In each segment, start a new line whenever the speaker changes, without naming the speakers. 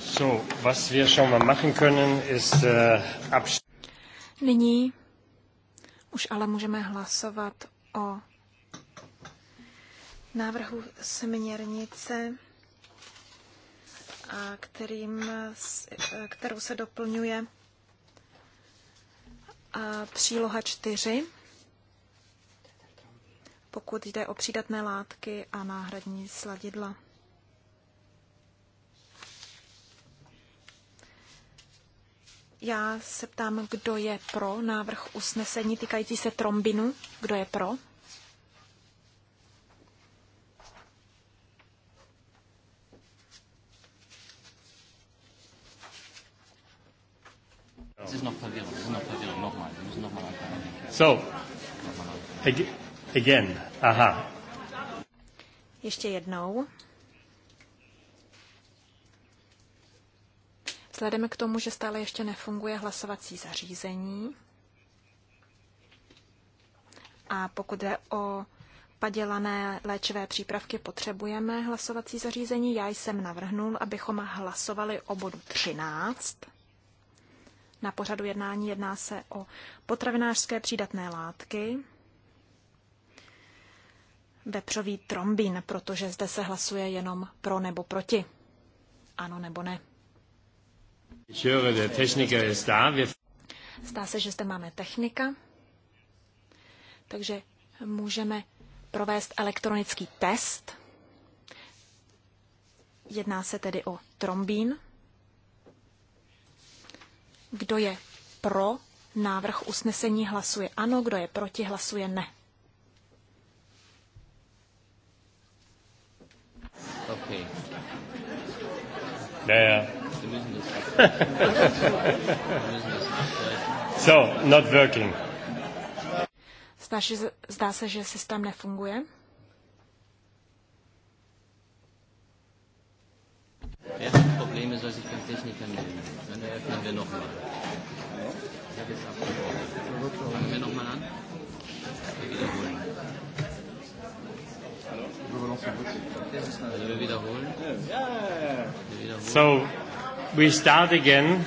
So, was wir schon mal machen können, ist äh,
Nyní už ale můžeme hlasovat o návrhu směrnice, a kterým, e, kterou se doplňuje a příloha 4, pokud jde o přídatné látky a náhradní sladidla. Já se ptám, kdo je pro návrh usnesení týkající se trombinu. Kdo je pro?
So, again, aha.
Ještě jednou. Vzhledem k tomu, že stále ještě nefunguje hlasovací zařízení, a pokud jde o padělané léčivé přípravky, potřebujeme hlasovací zařízení. Já jsem navrhnul, abychom hlasovali o bodu 13. Na pořadu jednání jedná se o potravinářské přídatné látky, vepřový trombin, protože zde se hlasuje jenom pro nebo proti. Ano nebo ne. Zdá se, že zde máme technika, takže můžeme provést elektronický test. Jedná se tedy o trombín. Kdo je pro návrh usnesení, hlasuje ano, kdo je proti, hlasuje ne.
Okay. Yeah so, not working.
zdá se, že systém nefunguje.
Erste Problem ist, dass ich keinen Techniker nehme. Dann eröffnen wir nochmal. Fangen wir nochmal an. Wir wiederholen. Also wir wiederholen.
Wir
wiederholen. So, We start again.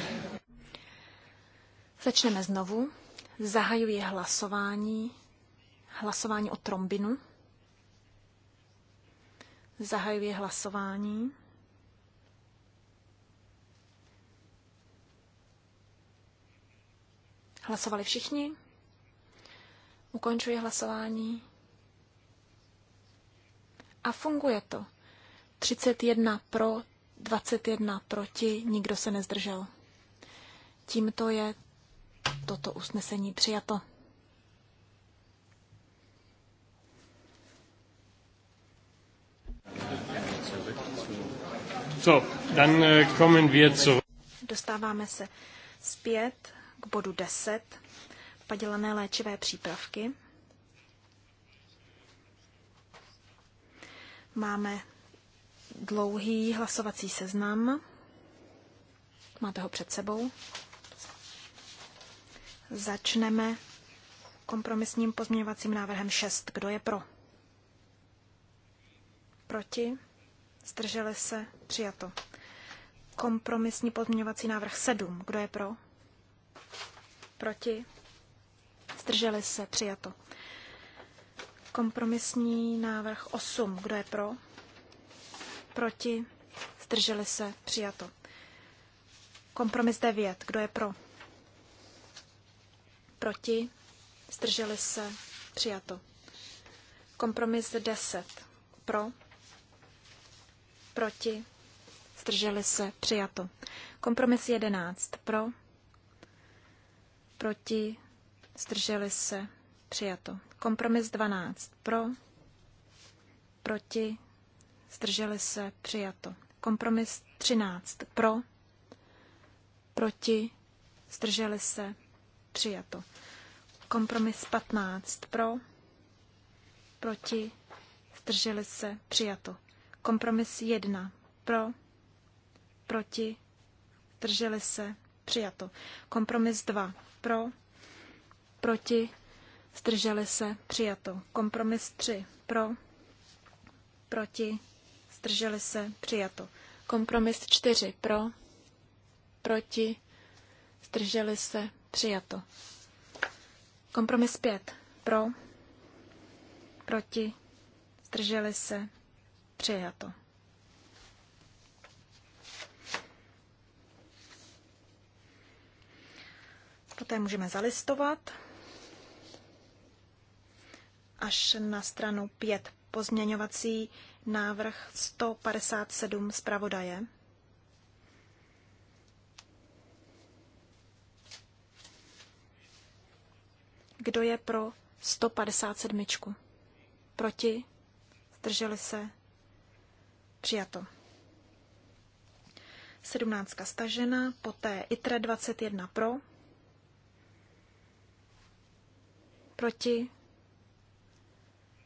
Začneme znovu. Zahajuji hlasování. Hlasování o trombinu. Zahajuji hlasování. Hlasovali všichni? Ukončuji hlasování. A funguje to. 31 pro, 21 proti, nikdo se nezdržel. Tímto je toto usnesení přijato.
So, dann äh, kommen wir zu...
Dostáváme se zpět k bodu 10, padělané léčivé přípravky. Máme dlouhý hlasovací seznam. Máte ho před sebou. Začneme kompromisním pozměňovacím návrhem 6. Kdo je pro? Proti? Zdrželi se? Přijato. Kompromisní pozměňovací návrh 7. Kdo je pro? Proti? Zdrželi se? Přijato. Kompromisní návrh 8. Kdo je pro? proti, zdrželi se, přijato. Kompromis 9, kdo je pro? Proti, zdrželi se, přijato. Kompromis 10, pro, proti, zdrželi se, přijato. Kompromis 11, pro, proti, zdrželi se, přijato. Kompromis 12, pro, proti, zdrželi se, přijato. Kompromis 13 pro, proti, zdrželi se, přijato. Kompromis 15 pro, proti, zdrželi se, přijato. Kompromis 1 pro, proti, zdrželi se, přijato. Kompromis 2 pro, proti, zdrželi se, přijato. Kompromis 3 pro, proti, zdrželi se, přijato. Kompromis 4 pro, proti, zdrželi se, přijato. Kompromis 5 pro, proti, zdrželi se, přijato. Poté můžeme zalistovat až na stranu 5 pozměňovací návrh 157 zpravodaje. Kdo je pro 157? Proti? Zdrželi se? Přijato. 17 stažena, poté ITRE 21 pro, proti,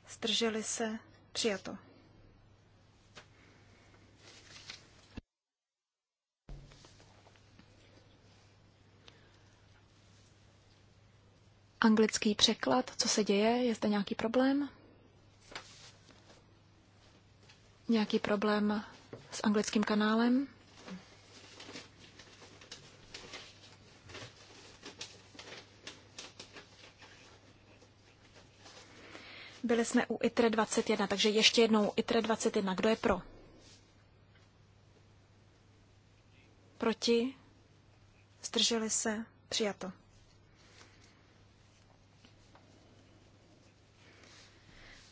zdrželi se, přijato. anglický překlad. Co se děje? Je zde nějaký problém? Nějaký problém s anglickým kanálem? Byli jsme u ITRE 21, takže ještě jednou ITRE 21. Kdo je pro? Proti? Zdrželi se? Přijato.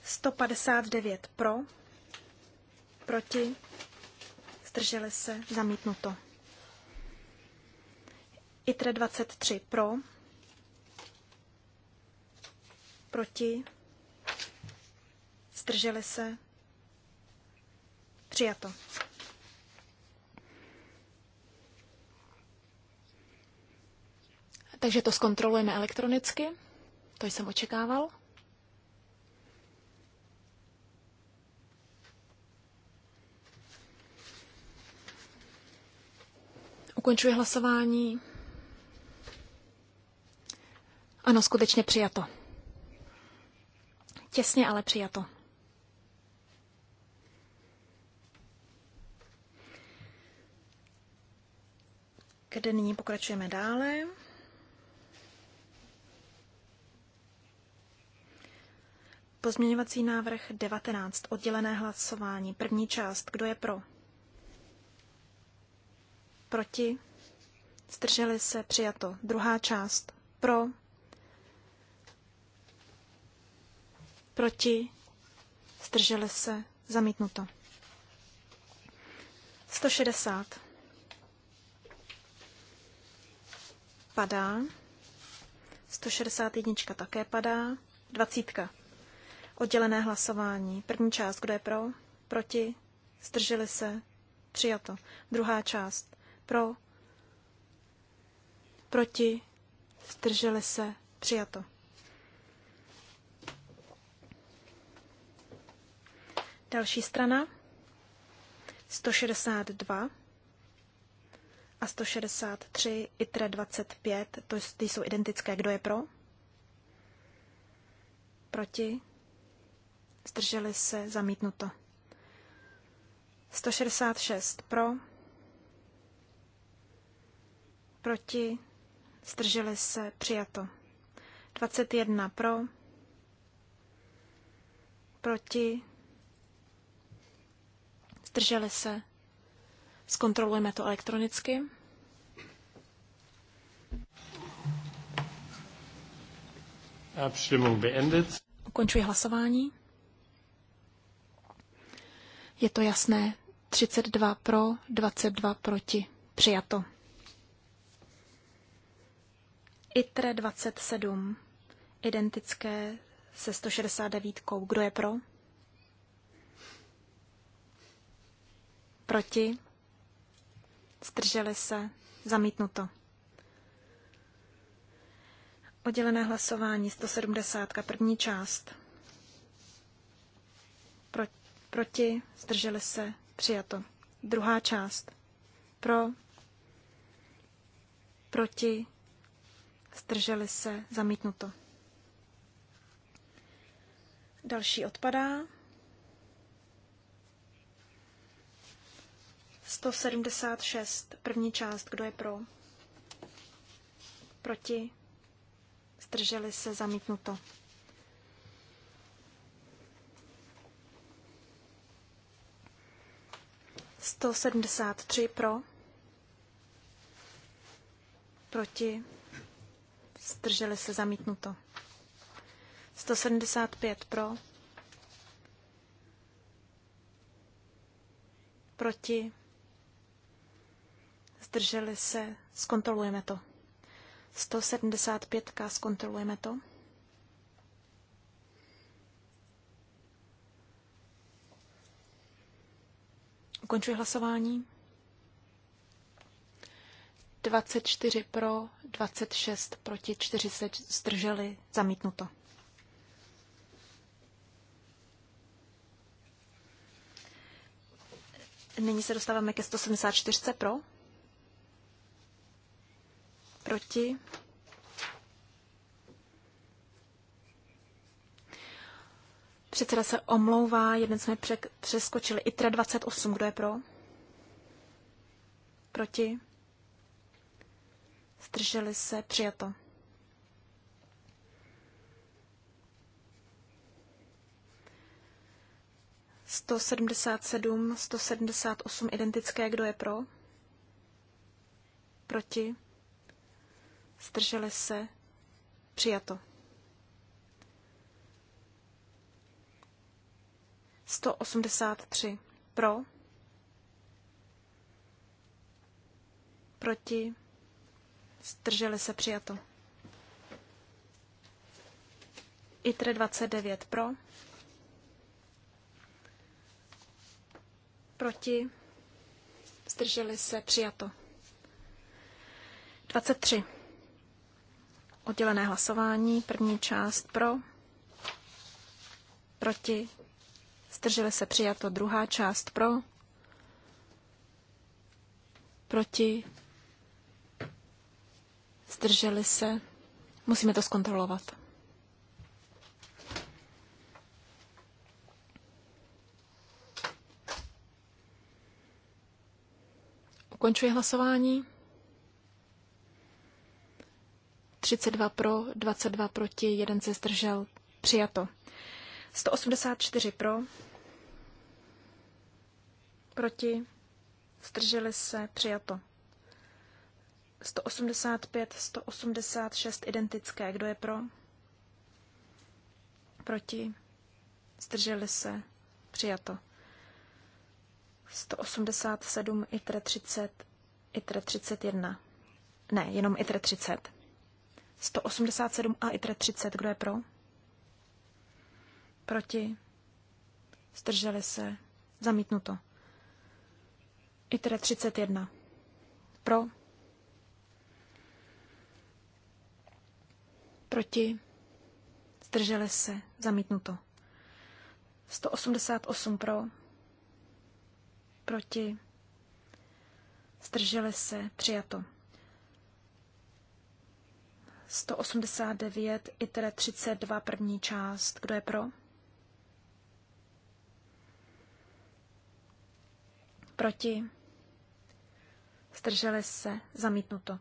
159 pro, proti, zdrželi se, zamítnuto. ITRE 23 pro, proti, zdrželi se, přijato. Takže to zkontrolujeme elektronicky, to jsem očekával. Ukončuji hlasování. Ano, skutečně přijato. Těsně, ale přijato. kde nyní pokračujeme dále. Pozměňovací návrh 19. Oddělené hlasování. První část. Kdo je pro? proti, zdrželi se, přijato. Druhá část pro, proti, zdrželi se, zamítnuto. 160. Padá. 161 také padá. 20. Oddělené hlasování. První část, kdo je pro? Proti? Zdrželi se? Přijato. Druhá část pro, proti, zdrželi se, přijato. Další strana 162 a 163, ITRE 25, to ty jsou identické. Kdo je pro? Proti? Zdrželi se, zamítnuto. 166 pro, proti, zdrželi se, přijato. 21 pro, proti, zdrželi se. Zkontrolujeme to elektronicky.
Abstimmung beendet.
Ukončuji hlasování. Je to jasné. 32 pro, 22 proti. Přijato. ITRE 27, identické se 169. Kdo je pro? Proti? Zdrželi se? Zamítnuto. Oddělené hlasování 170. První část. Pro, proti? Zdrželi se? Přijato. Druhá část. Pro? Proti? zdrželi se, zamítnuto. Další odpadá. 176, první část, kdo je pro? Proti? Zdrželi se, zamítnuto. Sto sedmdesát tři pro, proti zdrželi se zamítnuto. 175 pro, proti, zdrželi se, zkontrolujeme to. 175, zkontrolujeme to. Ukončuji hlasování. 24 pro, 26 proti 40 zdrželi zamítnuto. Nyní se dostáváme ke 174 pro. Proti. Předseda se omlouvá, jeden jsme přeskočili. ITRA 28, kdo je pro? Proti. Zdrželi se přijato. Sto sedmdesát sedm, sto sedmdesát osm identické, kdo je pro? Proti? Zdrželi se přijato. 183. Pro. Proti. Zdrželi se přijato. ITR 29 pro. Proti. Zdrželi se přijato. 23. Oddělené hlasování. První část pro. Proti. Zdrželi se přijato. Druhá část pro. Proti zdrželi se, musíme to zkontrolovat. Ukončuji hlasování. 32 pro, 22 proti, jeden se zdržel. Přijato. 184 pro, proti, zdrželi se, přijato. 185, 186 identické. Kdo je pro? Proti? Zdrželi se? Přijato. 187, ITRE 30, ITRE 31. Ne, jenom ITRE 30. 187 a ITRE 30. Kdo je pro? Proti? Zdrželi se? Zamítnuto. ITRE 31. Pro? proti, zdrželi se, zamítnuto. 188 pro, proti, zdrželi se, přijato. 189, i tedy 32 první část. Kdo je pro? Proti? Zdrželi se, zamítnuto.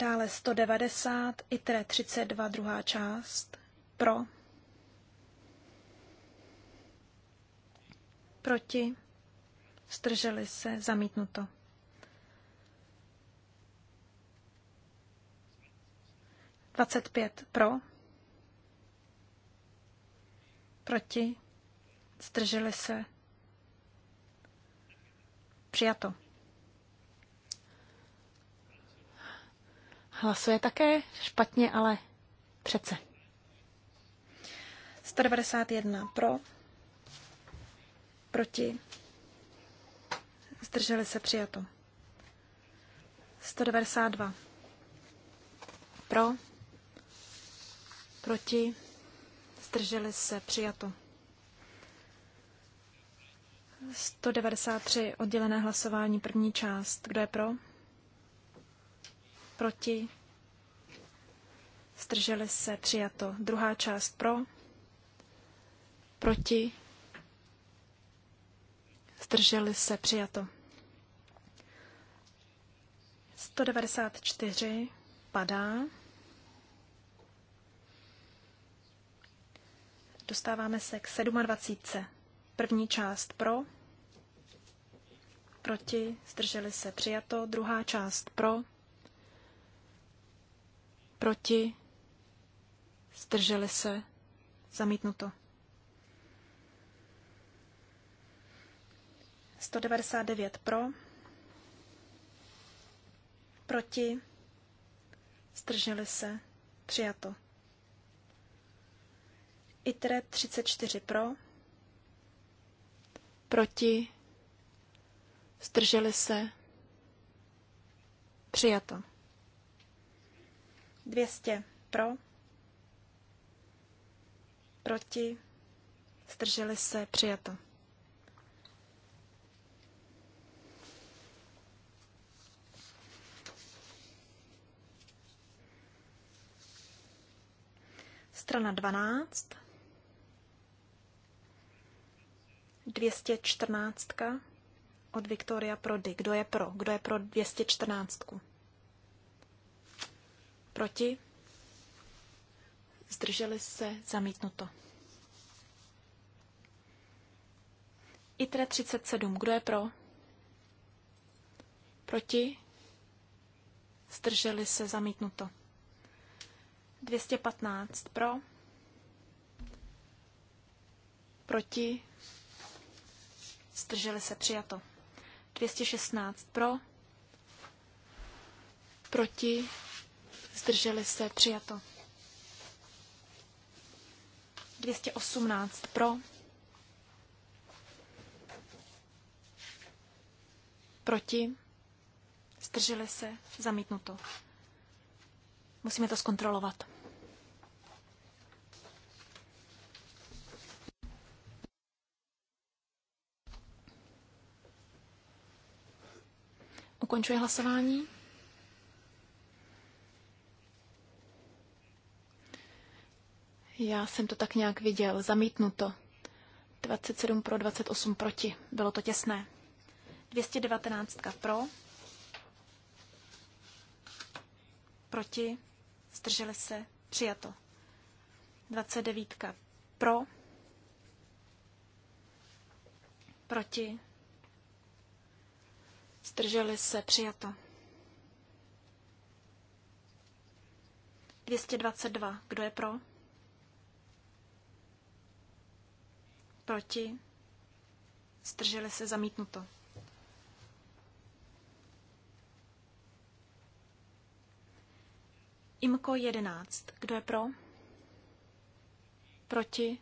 Dále 190, ITRE 32, druhá část, pro, proti, strželi se, zamítnuto. Dvacet pět pro, proti, zdrželi se, přijato. hlasuje také špatně, ale přece. 191 pro, proti, zdrželi se přijato. 192 pro, proti, zdrželi se přijato. 193 oddělené hlasování, první část. Kdo je pro? proti, zdrželi se, přijato. Druhá část pro, proti, zdrželi se, přijato. 194 padá. Dostáváme se k 27. První část pro, proti, zdrželi se přijato, druhá část pro, proti, zdrželi se, zamítnuto. 199 pro, proti, zdrželi se, přijato. ITRE 34 pro, proti, zdrželi se, přijato. 200 pro, proti, zdrželi se, přijato. Strana 12, 214 od Viktoria Prody. Kdo je pro? Kdo je pro 214? ku Proti? Zdrželi se zamítnuto. ITRE 37. Kdo je pro? Proti? Zdrželi se zamítnuto. 215 pro. Proti? Zdrželi se přijato. 216 pro. Proti? zdrželi se, přijato. 218 pro, proti, zdrželi se, zamítnuto. Musíme to zkontrolovat. Ukončuji hlasování. Já jsem to tak nějak viděl. Zamítnuto. 27 pro, 28 proti. Bylo to těsné. 219 pro. Proti. Zdrželi se. Přijato. 29 pro. Proti. Zdrželi se. Přijato. 222. Kdo je pro? Proti? Zdrželi se zamítnuto. Imko 11. Kdo je pro? Proti?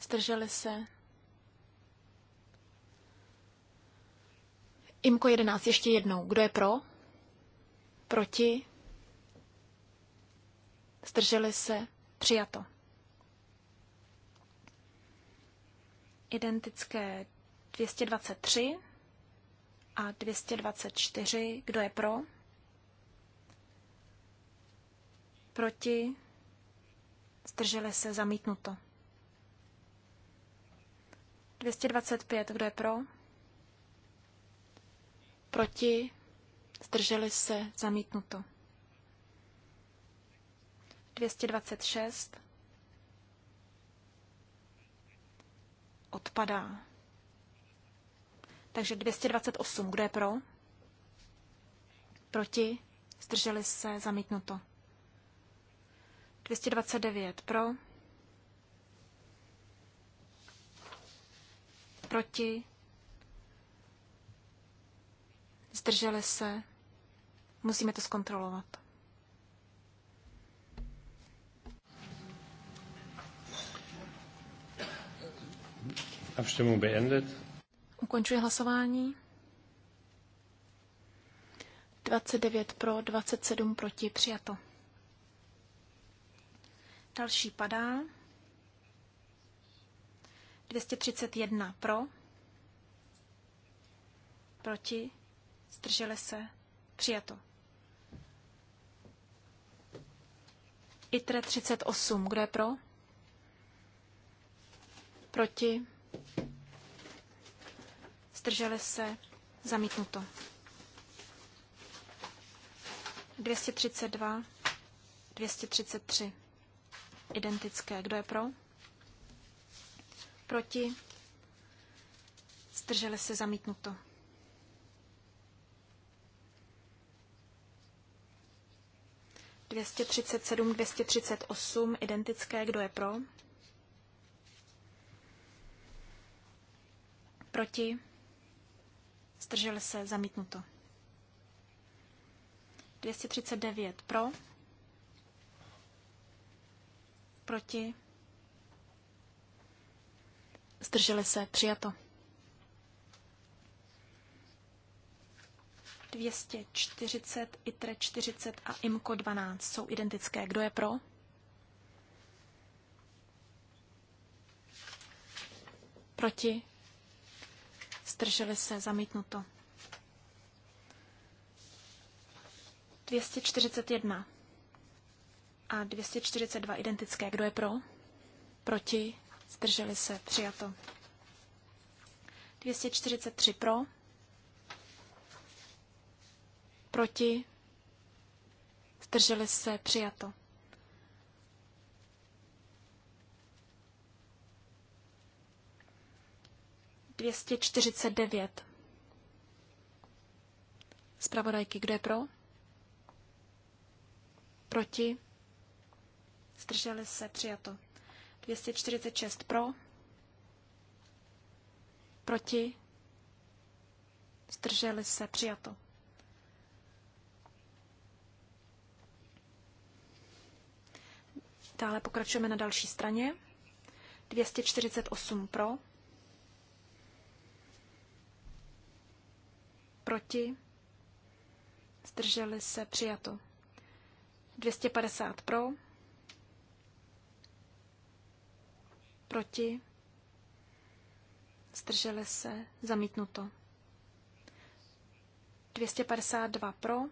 Zdrželi se? Imko 11. Ještě jednou. Kdo je pro? Proti? Zdrželi se? Přijato. identické 223 a 224. Kdo je pro? Proti? Zdrželi se zamítnuto. 225. Kdo je pro? Proti? Zdrželi se zamítnuto. 226. odpadá. Takže 228, kdo je pro? Proti? Zdrželi se, zamítnuto. 229 pro. Proti? Zdrželi se. Musíme to zkontrolovat.
Abstimmung beendet.
Ukončuji hlasování. 29 pro, 27 proti, přijato. Další padá. 231 pro, proti, zdrželi se, přijato. ITRE 38, kdo je pro? Proti, zdrželi se, zamítnuto. 232, 233, identické. Kdo je pro? Proti, zdrželi se, zamítnuto. Dvěstě třicet sedm, dvěstě třicet osm, identické, kdo je pro? proti, zdrželi se, zamítnuto. 239 pro, proti, zdrželi se, přijato. 240, ITRE 40 a IMCO 12 jsou identické. Kdo je pro? Proti? zdrželi se, zamítnuto. 241 a 242 identické. Kdo je pro? Proti? Zdrželi se, přijato. 243 pro? Proti? Zdrželi se, přijato. 249. Zpravodajky, kdo je pro? Proti? Zdrželi se, přijato. 246 pro? Proti? Zdrželi se, přijato. Dále pokračujeme na další straně. 248 pro, proti, zdrželi se, přijato. 250 pro, proti, zdrželi se, zamítnuto. 252 pro,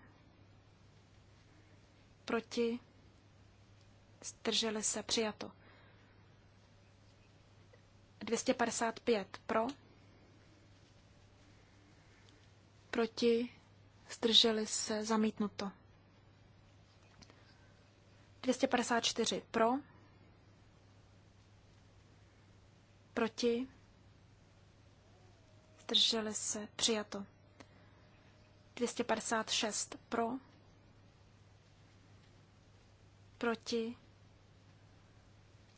proti, zdrželi se, přijato. 255 pro, proti, zdrželi se, zamítnuto. 254 pro, proti, zdrželi se, přijato. 256 pro, proti,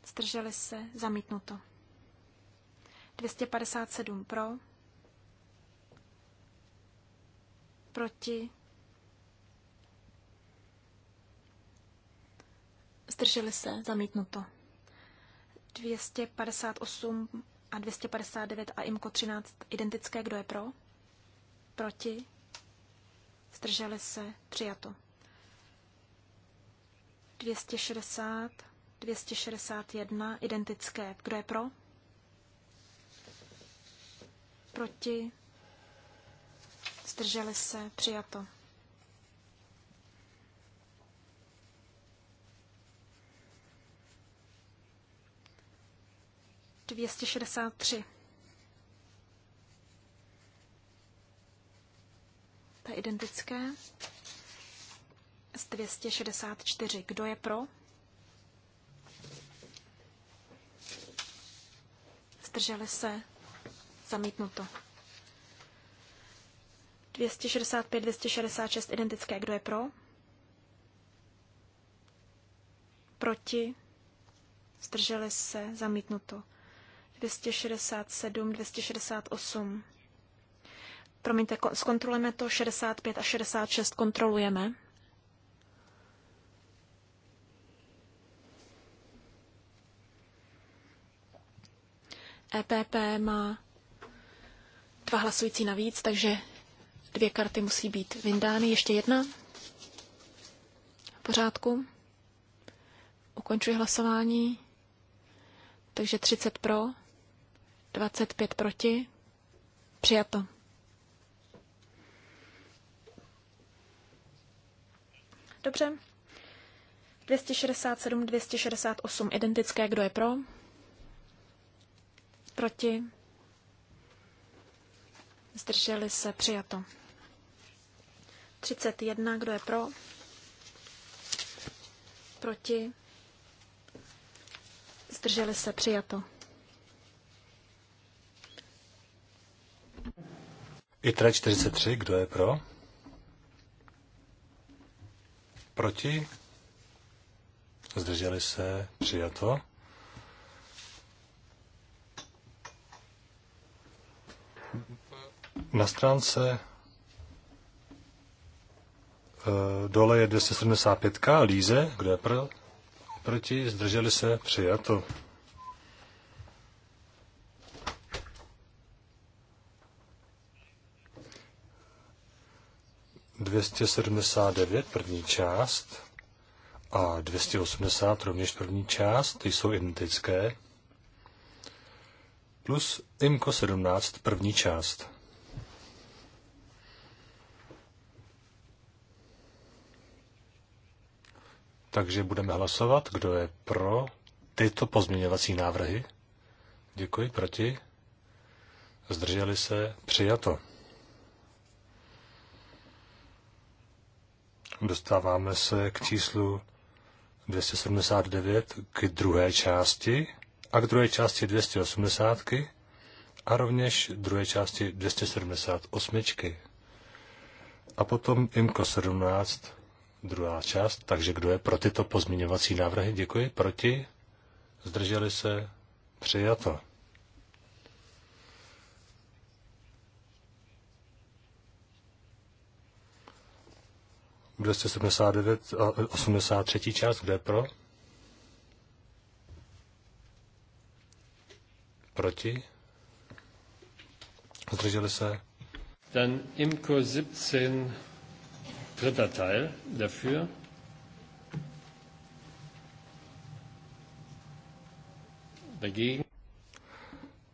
zdrželi se, zamítnuto. 257 pro, Proti? Zdrželi se, zamítnuto. 258 a 259 a IMKO 13 identické, kdo je pro? Proti? Zdrželi se, přijato. 260, 261 identické, kdo je pro? Proti? zdrželi se, přijato. Dvěstě šedesát tři. To je identické. Z 264. Kdo je pro? Zdrželi se. Zamítnuto. 265, 266 identické. Kdo je pro? Proti? Zdrželi se? Zamítnuto. 267, 268. Promiňte, zkontrolujeme to. 65 a 66 kontrolujeme. EPP má dva hlasující navíc, takže Dvě karty musí být vyndány. Ještě jedna. V pořádku. Ukončuji hlasování. Takže 30 pro, 25 proti. Přijato. Dobře. 267, 268 identické. Kdo je pro? Proti? Zdrželi se přijato. 31, kdo je pro? Proti? Zdrželi se, přijato.
ITRA 43, kdo je pro? Proti? Zdrželi se, přijato. Na stránce Eh, dole je 275 Líze, kde je pro, proti, zdrželi se, přijato. Dvěstě sedmdesát devět první část a 280 rovněž první část, ty jsou identické, plus imko 17 první část. Takže budeme hlasovat, kdo je pro tyto pozměňovací návrhy. Děkuji, proti. Zdrželi se, přijato. Dostáváme se k číslu 279 k druhé části a k druhé části 280 a rovněž druhé části 278. A potom IMCO 17 druhá část. Takže kdo je pro tyto pozměňovací návrhy? Děkuji. Proti? Zdrželi se? Přijato. Bude 79 a 83. část, kde je pro?
Proti? Zdrželi se? Dann Imko 17 Dritter Teil dafür. Dagegen.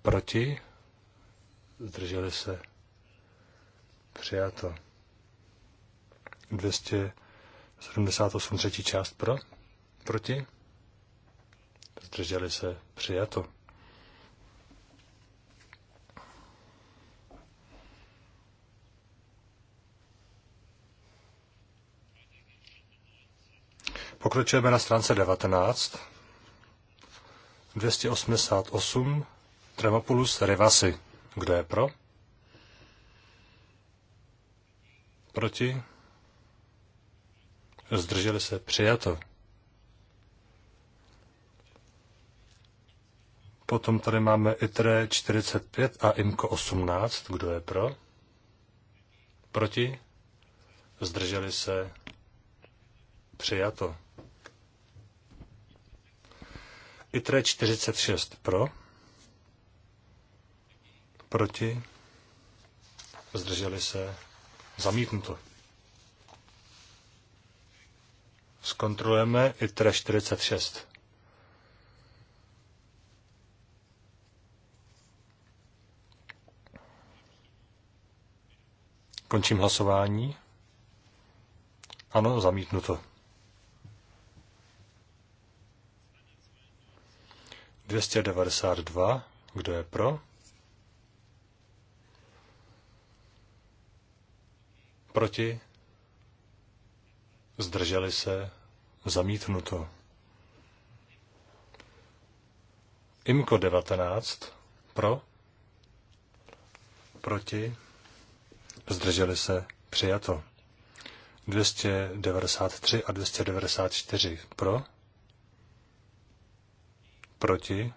Proti. Zdrželi se. Přijato. 278 třetí část pro. Proti. Zdrželi se. Přijato. Pokračujeme na stránce 19. 288 Tremopulus Rivasi. Kdo je pro? Proti? Zdrželi se přijato. Potom tady máme ITRE 45 a IMKO 18. Kdo je pro? Proti? Zdrželi se přijato. ITRE 46 pro, proti, zdrželi se, zamítnuto. Zkontrolujeme ITRE 46. Končím hlasování. Ano, zamítnuto. 292. Kdo je pro? Proti? Zdrželi se? Zamítnuto. Imko 19. Pro? Proti? Zdrželi se? Přijato. 293 a 294. Pro? Proti?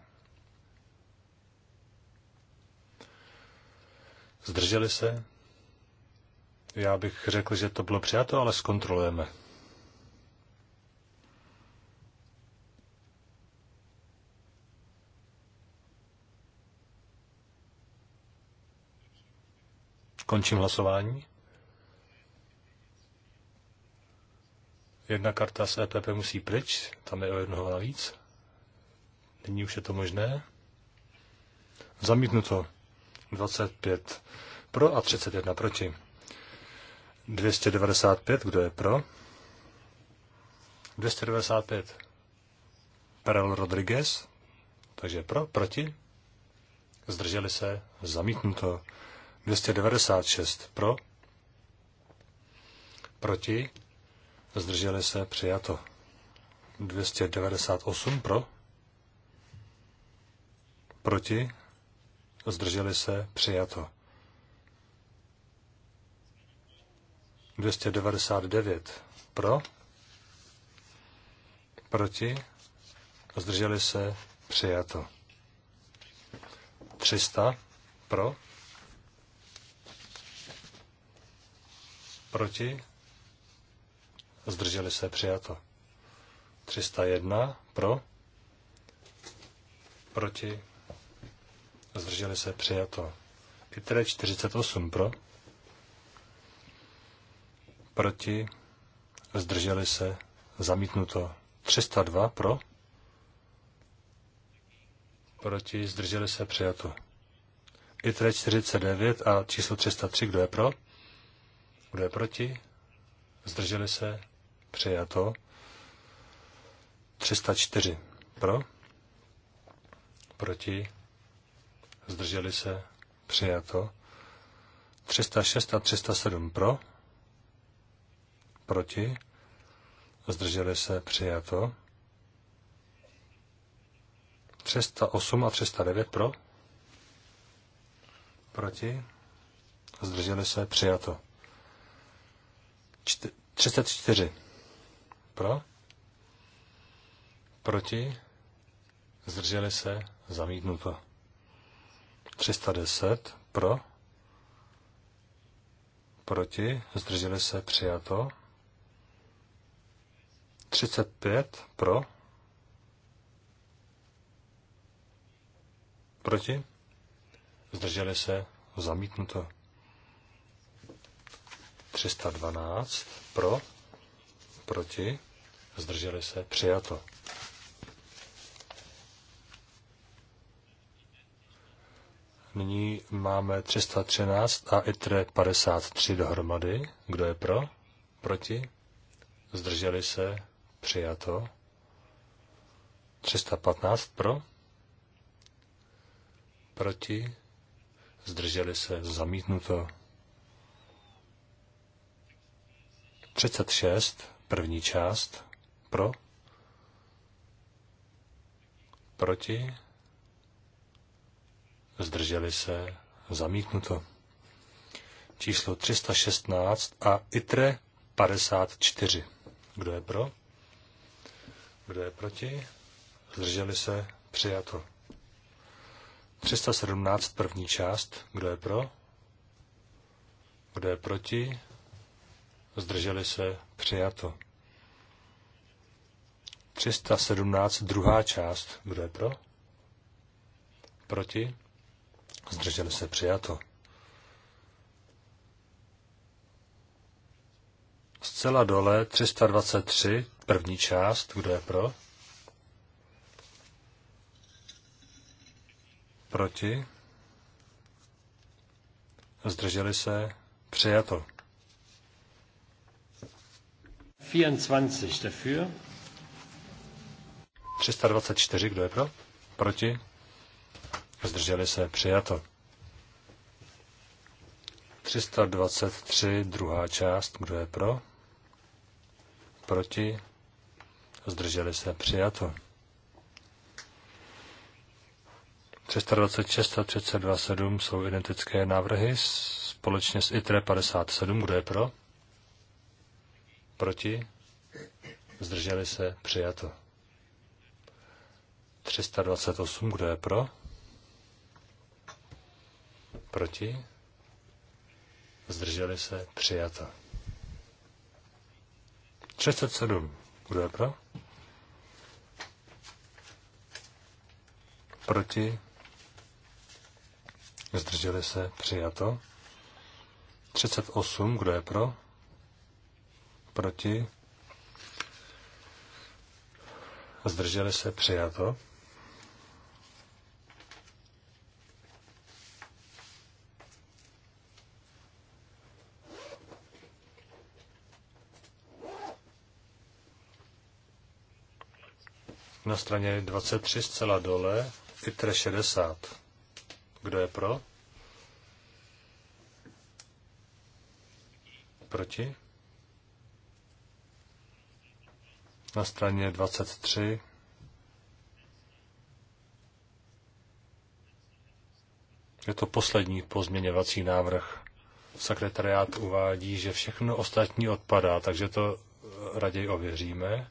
Zdrželi se? Já bych řekl, že to bylo přijato, ale zkontrolujeme. Končím hlasování. Jedna karta z EPP musí pryč, tam je o jednoho navíc. Nyní už je to možné. Zamítnuto. 25 pro a 31 proti. 295, kdo je pro? 295. Perel Rodriguez, takže pro, proti. Zdrželi se, zamítnuto. 296 pro, proti, zdrželi se, přijato. 298 pro, Proti? Zdrželi se? Přijato. 299. Pro? Proti? Zdrželi se? Přijato. 300. Pro? Proti? Zdrželi se? Přijato. 301. Pro? Proti? zdrželi se přijato. ITRE 48 pro, proti, zdrželi se zamítnuto. 302 pro, proti, zdrželi se přijato. ITRE 49 a číslo 303, kdo je pro? Kdo je proti? Zdrželi se? Přijato. 304. Pro? Proti? zdrželi se, přijato. 306 a 307 pro, proti, zdrželi se, přijato. 308 a 309 pro, proti, zdrželi se, přijato. 304 pro, proti, zdrželi se, zamítnuto. 310 pro, proti, zdrželi se, přijato. 35 pro, proti, zdrželi se, zamítnuto. 312 pro, proti, zdrželi se, přijato. Nyní máme 313 a i 53 dohromady. Kdo je pro? Proti? Zdrželi se? Přijato. 315 pro? Proti? Zdrželi se? Zamítnuto. 36, první část, pro, proti, zdrželi se, zamítnuto. Číslo 316 a ITRE 54. Kdo je pro? Kdo je proti? Zdrželi se, přijato. 317 první část. Kdo je pro? Kdo je proti? Zdrželi se, přijato. 317 druhá část. Kdo je pro? Proti? Zdrželi se přijato. Zcela dole 323, první část, kdo je pro? Proti?
Zdrželi se? Přijato. 24 dafür. 324, kdo je pro?
Proti? zdrželi se, přijato. 323, druhá část, kdo je pro, proti, zdrželi se, přijato. 326 a 327 jsou identické návrhy společně s ITRE 57. Kdo je pro? Proti? Zdrželi se? Přijato. 328. Kdo je pro? Proti? Zdrželi se přijata. 37. Kdo je pro? Proti? Zdrželi se přijato. 38. Kdo je pro? Proti? Zdrželi se přijato. na straně 23 zcela dole, ITRE 60. Kdo je pro? Proti? Na straně 23 Je to poslední pozměňovací návrh. Sekretariát uvádí, že všechno ostatní odpadá, takže to raději ověříme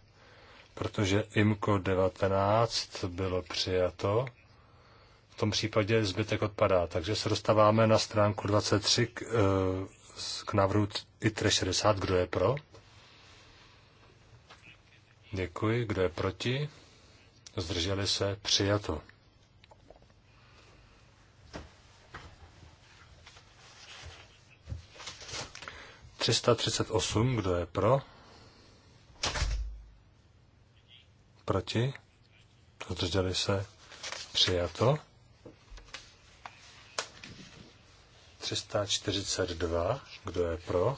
protože IMCO 19 bylo přijato. V tom případě zbytek odpadá. Takže se dostáváme na stránku 23 k, eh, k návrhu ITRE 60. Kdo je pro? Děkuji. Kdo je proti? Zdrželi se? Přijato. Třista třicet osm, kdo je pro? Proti? Zdrželi se? Přijato. 342. Kdo je pro?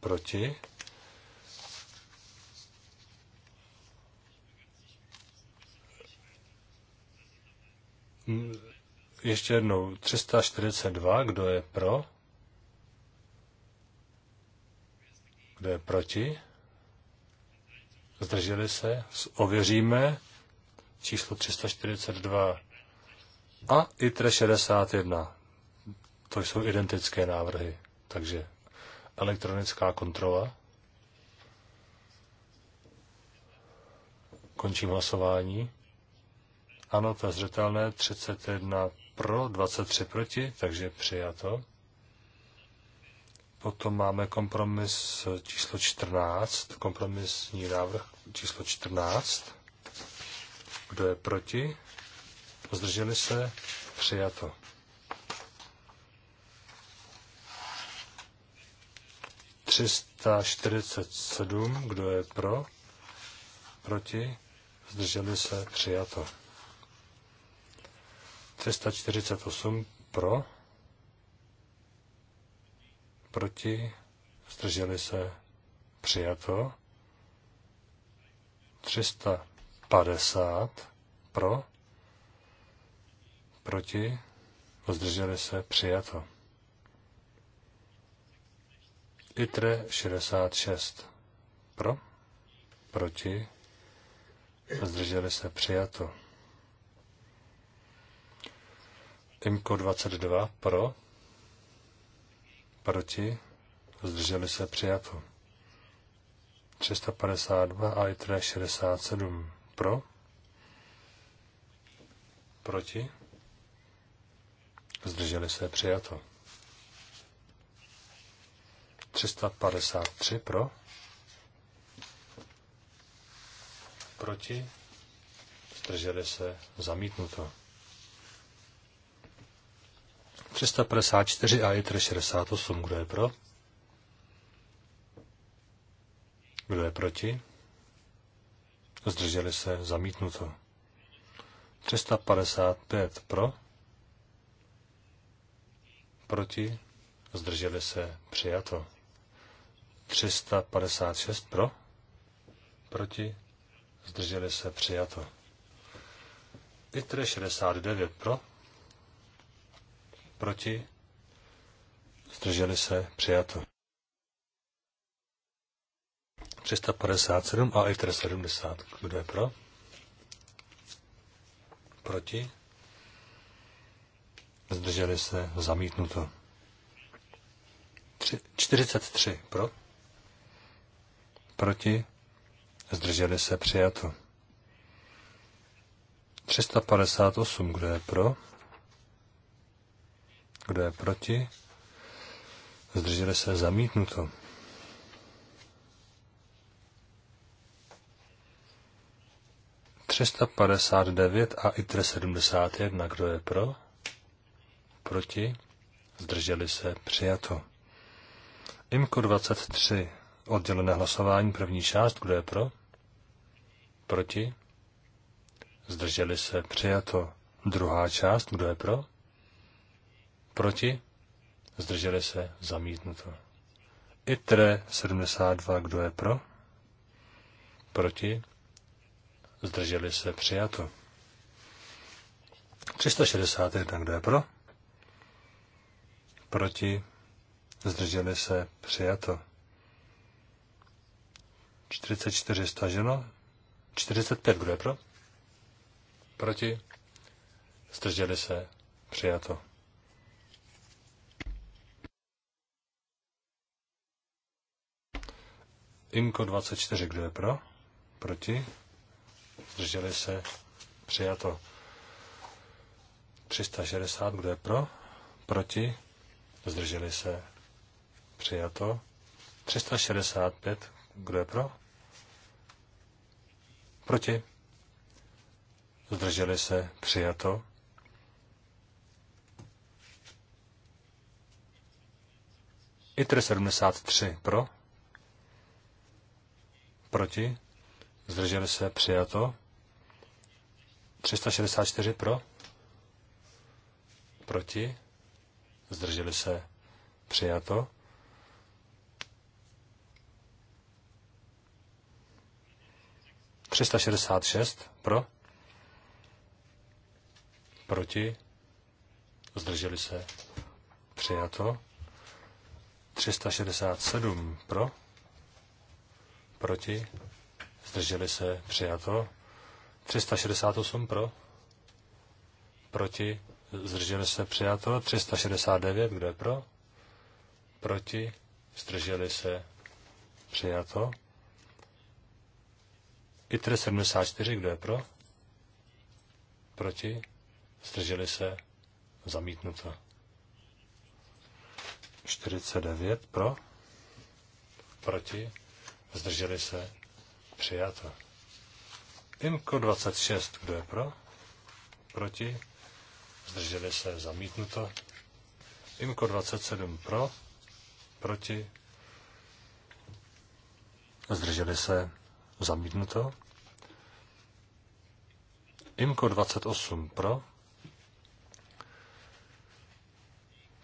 Proti? Hmm, ještě jednou. 342. Kdo je pro? Kdo je proti? zdrželi se, ověříme číslo 342 a ITRE 61. To jsou identické návrhy, takže elektronická kontrola. Končím hlasování. Ano, to je zřetelné, 31 pro, 23 proti, takže přijato. Potom máme kompromis číslo 14, kompromisní návrh číslo 14. Kdo je proti? Zdrželi se? Přijato. Třista čtyřicet sedm, kdo je pro? Proti? Zdrželi se? Přijato. 348 pro? proti, zdrželi se, přijato. 350 pro, proti, zdrželi se, přijato. ITRE 66 pro, proti, zdrželi se, přijato. IMKO 22 pro, proti, zdrželi se přijato. 352 a ITRE 67 pro, proti, zdrželi se přijato. 353 pro, proti, zdrželi se zamítnuto. 354 a ITR 68. Kdo je pro? Kdo je proti? Zdrželi se zamítnuto. 355 pro. Proti. Zdrželi se přijato. 356 pro. Proti. Zdrželi se přijato. I 69 pro Proti? Zdrželi se? Přijato. 357 a i 370. Kdo je pro? Proti? Zdrželi se? Zamítnuto. 43 pro? Proti? Zdrželi se? Přijato. 358. Kdo je pro? Kdo je proti? Zdrželi se zamítnuto. Třista padesát devět a ITRE sedmdesát jedna. Kdo je pro? Proti? Zdrželi se přijato. IMKO 23. Oddělené hlasování první část. Kdo je pro? Proti? Zdrželi se přijato. Druhá část. Kdo je pro? Proti? Zdrželi se? Zamítnuto. ITRE 72. Kdo je pro? Proti? Zdrželi se? Přijato. 361. Kdo je pro? Proti? Zdrželi se? Přijato. 44 staženo. 45. Kdo je pro? Proti? Zdrželi se? Přijato. IMKO 24, kdo je pro? Proti? Zdrželi se? Přijato. 360, kdo je pro? Proti? Zdrželi se? Přijato. 365, kdo je pro? Proti? Zdrželi se? Přijato. ITR 73 pro, Proti? Zdrželi se? Přijato. 364 pro? Proti? Zdrželi se? Přijato. 366 pro, proti, zdrželi se, přijato, 367 pro, proti, zdrželi se, přijato. 368 pro, proti, zdrželi se, přijato. 369, kdo je pro, proti, zdrželi se, přijato. ITR 74, kdo je pro, proti, zdrželi se, zamítnuto. 49 pro, proti, Zdrželi se? Přijato. Imko 26. Kdo je pro? Proti? Zdrželi se? Zamítnuto. Imko 27. Pro? Proti? Zdrželi se? Zamítnuto. Imko 28. Pro?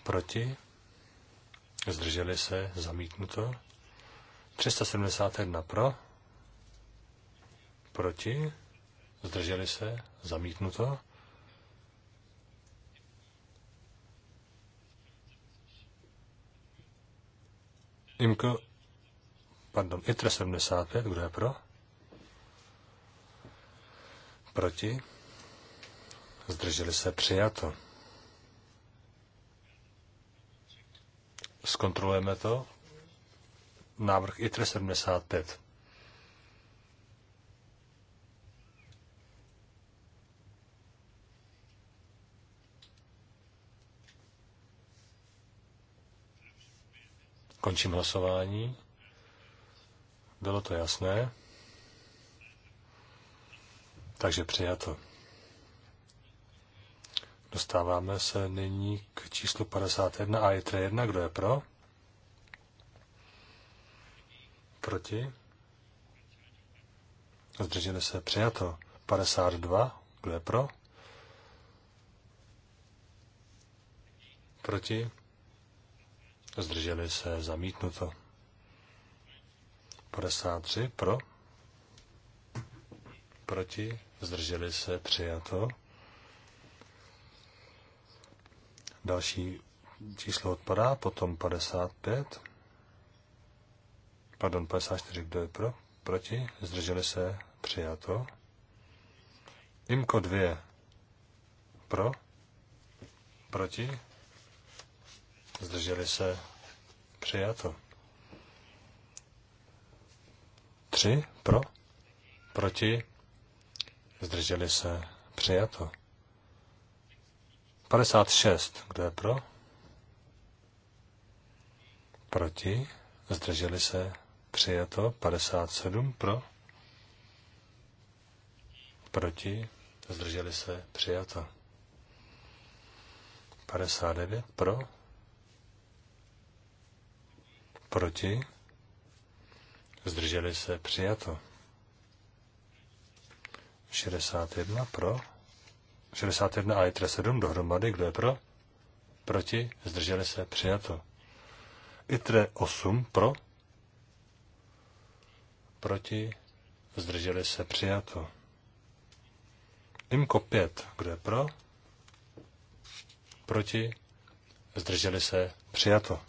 Proti? Zdrželi se? Zamítnuto. 371 pro, proti, zdrželi se, zamítnuto. Imko, pardon, ITRA 75, kdo je pro? Proti? Zdrželi se přijato. Zkontrolujeme to návrh ITRE 75. Končím hlasování. Bylo to jasné. Takže přijato. Dostáváme se nyní k číslu 51 a je 3 1. Kdo je pro? Proti? Zdrželi se přijato. 52. Kdo je pro? Proti? Zdrželi se zamítnuto. 53. Pro? Proti? Zdrželi se přijato. Další číslo odpadá, potom 55. Pardon, 54. Kdo je pro? Proti? Zdrželi se? Přijato. Imko 2. Pro? Proti? Zdrželi se? Přijato. 3. Pro? Proti? Zdrželi se? Přijato. 56. Kdo je pro? Proti? Zdrželi se? Přijato 57 pro. Proti. Zdrželi se. Přijato. 59 pro. Proti. Zdrželi se. Přijato. 61 pro. 61 a ITRE 7 dohromady. Kdo je pro? Proti. Zdrželi se. Přijato. ITRE 8 pro proti, zdrželi se přijato. Imko 5, kdo je pro, proti, zdrželi se přijato.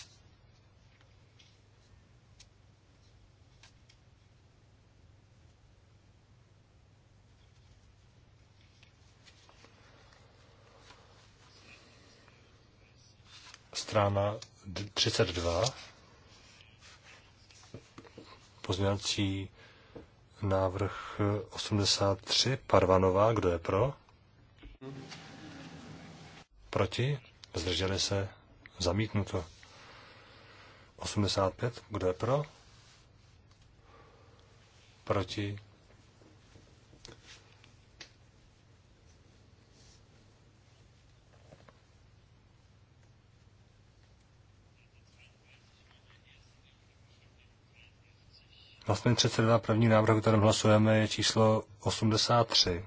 Strana 32, pozměňovací návrh 83 Parvanová. Kdo je pro? Proti? Zdrželi se? Zamítnuto. 85. Kdo je pro? Proti? Vlastně 32 první návrh, o kterém hlasujeme, je číslo 83.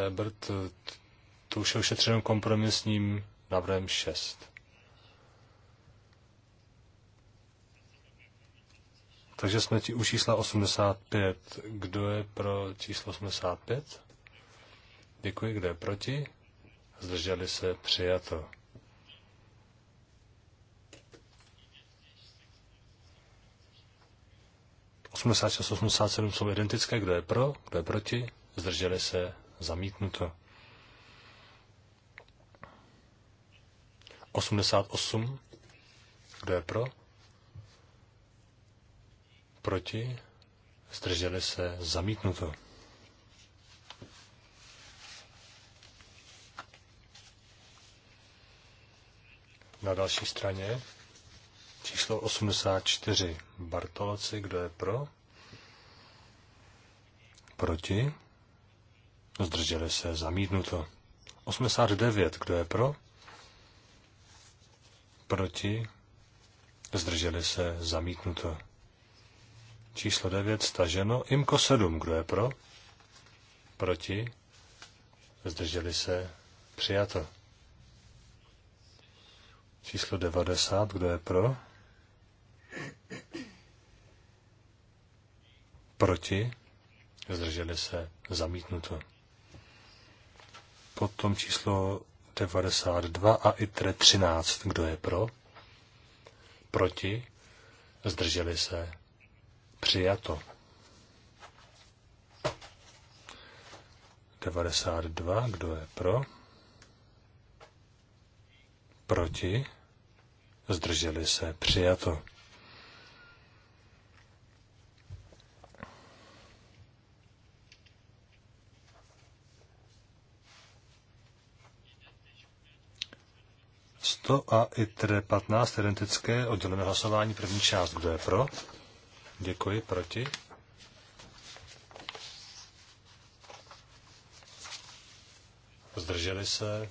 Ebert, to už je ošetřeno kompromisním návrhem 6. Takže jsme ti u čísla 85. Kdo je pro číslo 85? Děkuji. Kdo je proti? Zdrželi se přijato. Osmdesát šest, osmdesát sedm jsou identické. Kdo je pro? Kdo je proti? Zdrželi se zamítnuto. 88. Kdo je pro? Proti? Zdrželi se zamítnuto. Na další straně číslo 84 Bartoloci, kdo je pro? Proti? Zdrželi se zamítnuto. 89. Kdo je pro? Proti? Zdrželi se zamítnuto. Číslo 9 staženo. Imko 7. Kdo je pro? Proti? Zdrželi se přijato. Číslo 90. Kdo je pro? Proti? Zdrželi se zamítnuto potom číslo 92 a ITRE 13. Kdo je pro? Proti? Zdrželi se? Přijato. 92. Kdo je pro? Proti? Zdrželi se? Přijato. 100 a ITR 15 identické, oddělené hlasování, první část, kdo je pro? Děkuji, proti? Zdrželi se?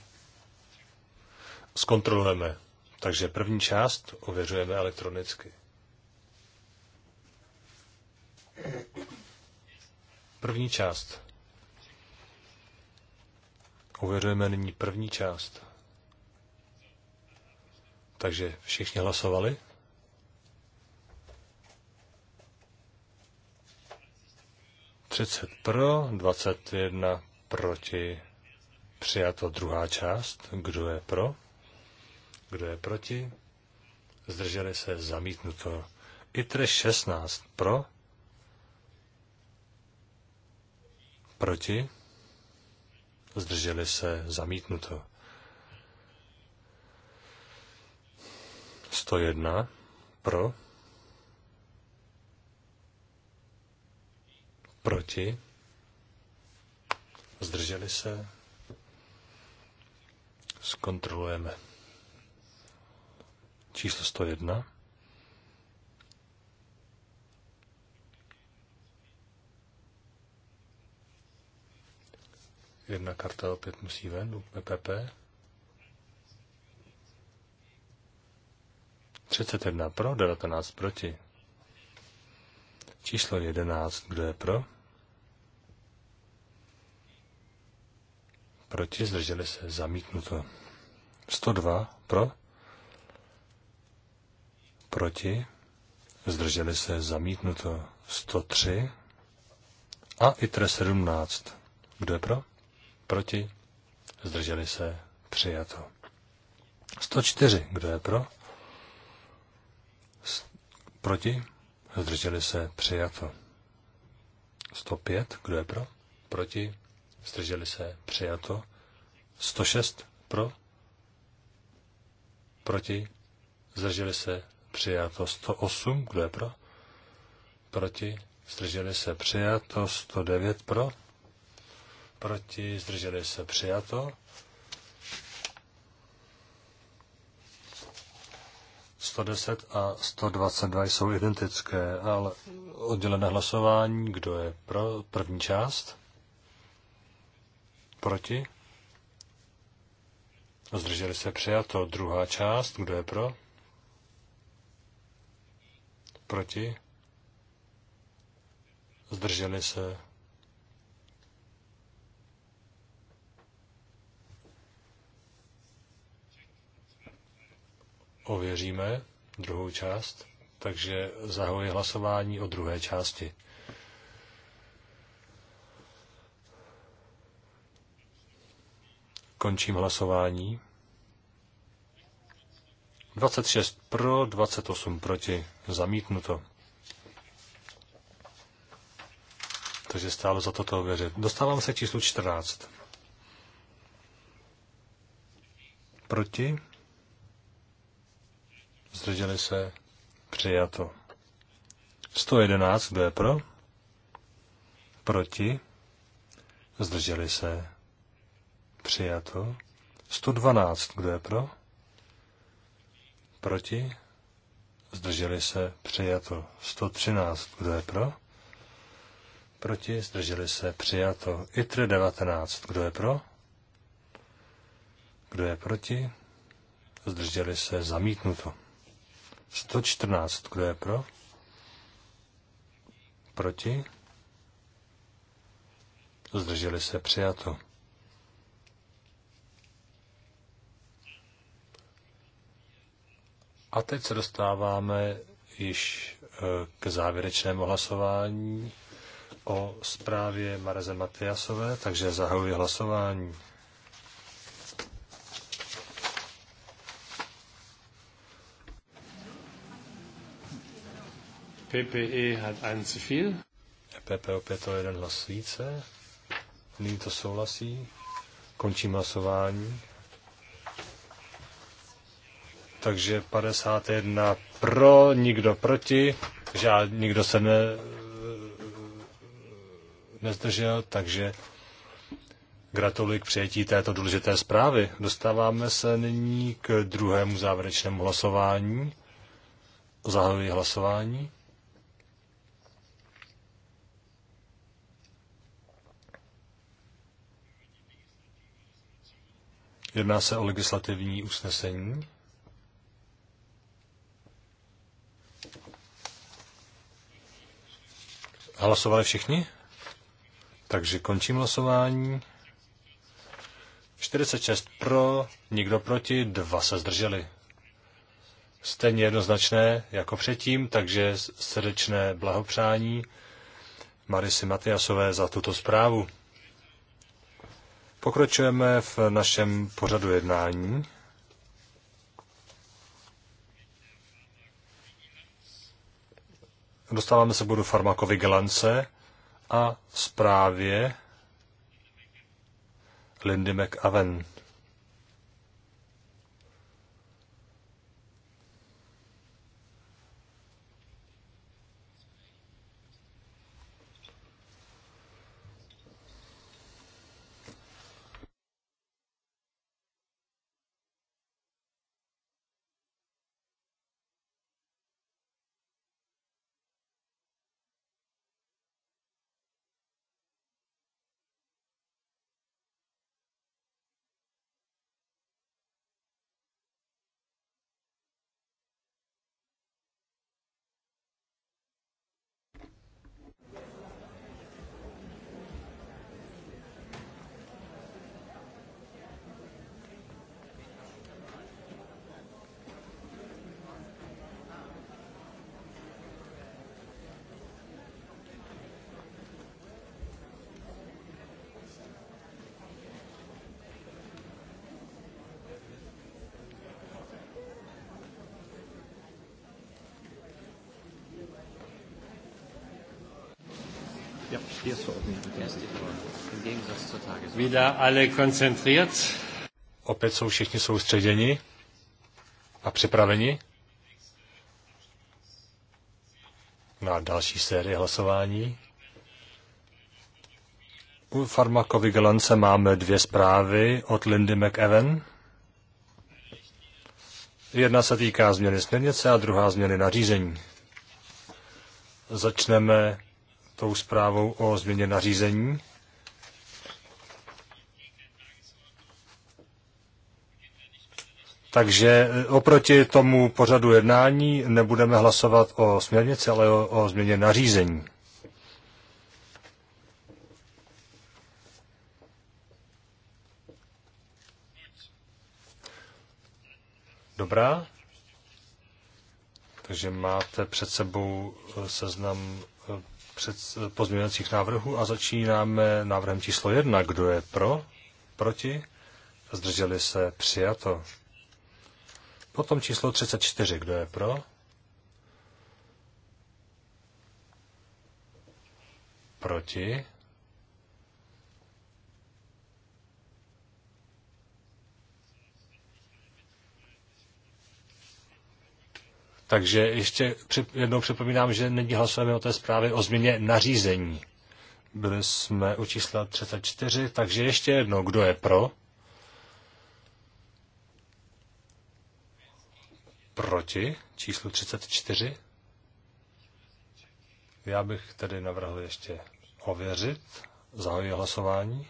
Zkontrolujeme. Takže první část ověřujeme elektronicky. První část. Ověřujeme nyní první část. Takže všichni hlasovali? Třicet pro, 21 proti. Přijato druhá část. Kdo je pro? Kdo je proti? Zdrželi se zamítnuto. ITRE 16 pro. Proti? Zdrželi se zamítnuto. 101 pro, proti, zdrželi se, zkontrolujeme. Číslo 101. Jedna karta opět musí ven u PPP. 31 pro, 19 proti. Číslo 11, kdo je pro? Proti, zdrželi se, zamítnuto. 102 pro, proti, zdrželi se, zamítnuto. 103 a ITRE 17. Kdo je pro? Proti, zdrželi se, přijato. 104, kdo je pro? Proti? Zdrželi se přijato. 105. Kdo je pro? Proti? Zdrželi se přijato. 106. Pro? Proti? Zdrželi se přijato. 108. Kdo je pro? Proti? Zdrželi se přijato. 109. Pro? Proti? Zdrželi se přijato. 110 a 122 jsou identické, ale oddělené hlasování, kdo je pro první část? Proti? Zdrželi se přijato. Druhá část, kdo je pro? Proti? Zdrželi se ověříme druhou část, takže zahoji hlasování o druhé části. Končím hlasování. 26 pro, 28 proti. Zamítnuto. Takže stálo za toto ověřit. Dostávám se číslu 14. Proti. Zdrželi se? Přijato. 111, kdo je pro? Proti? Zdrželi se? Přijato. 112, kdo je pro? Proti? Zdrželi se? Přijato. 113, kdo je pro? Proti? Zdrželi se? Přijato. itre 19, kdo je pro? Kdo je proti? Zdrželi se? Zamítnuto. 114. Kdo je pro? Proti? Zdrželi se přijato. A teď se dostáváme již eh, k závěrečnému hlasování o zprávě Mareze Matyasové, takže zahajuji
hlasování. PPE hat einen zu viel.
EPP e opět o jeden hlas více. Nyní to souhlasí. Končím hlasování. Takže 51 pro, nikdo proti, žád, nikdo se ne, nezdržel, takže gratuluji k přijetí této důležité zprávy. Dostáváme se nyní k druhému závěrečnému hlasování. Zahajuji hlasování. Jedná se o legislativní usnesení. Hlasovali všichni? Takže končím hlasování. 46 pro, nikdo proti, dva se zdrželi. Stejně jednoznačné jako předtím, takže srdečné blahopřání Marisy Matyasové za tuto zprávu. Pokračujeme v našem pořadu jednání. Dostáváme se bodu farmakovigilance a zprávě Lindy McAven. Opět jsou všichni soustředěni a připraveni na další sérii hlasování. U farmakovigilance máme dvě zprávy od Lindy McEwen. Jedna se týká změny směrnice a druhá změny nařízení. Začneme tou zprávou o změně nařízení. Takže eh, oproti tomu pořadu jednání nebudeme hlasovat o směrnici, ale o, o změně nařízení. Dobrá. Takže máte před sebou eh, seznam eh, před pozměňovacích návrhů a začínáme návrhem číslo jedna. Kdo je pro? Proti? Zdrželi se? Přijato. Potom číslo 34, kdo je pro? Proti? Takže ještě jednou připomínám, že nyní hlasujeme o té zprávě o změně nařízení. Byli jsme u čísla 34, takže ještě jednou, kdo je pro? proti číslu 34. Já bych tedy navrhl ještě ověřit. zahojí hlasování.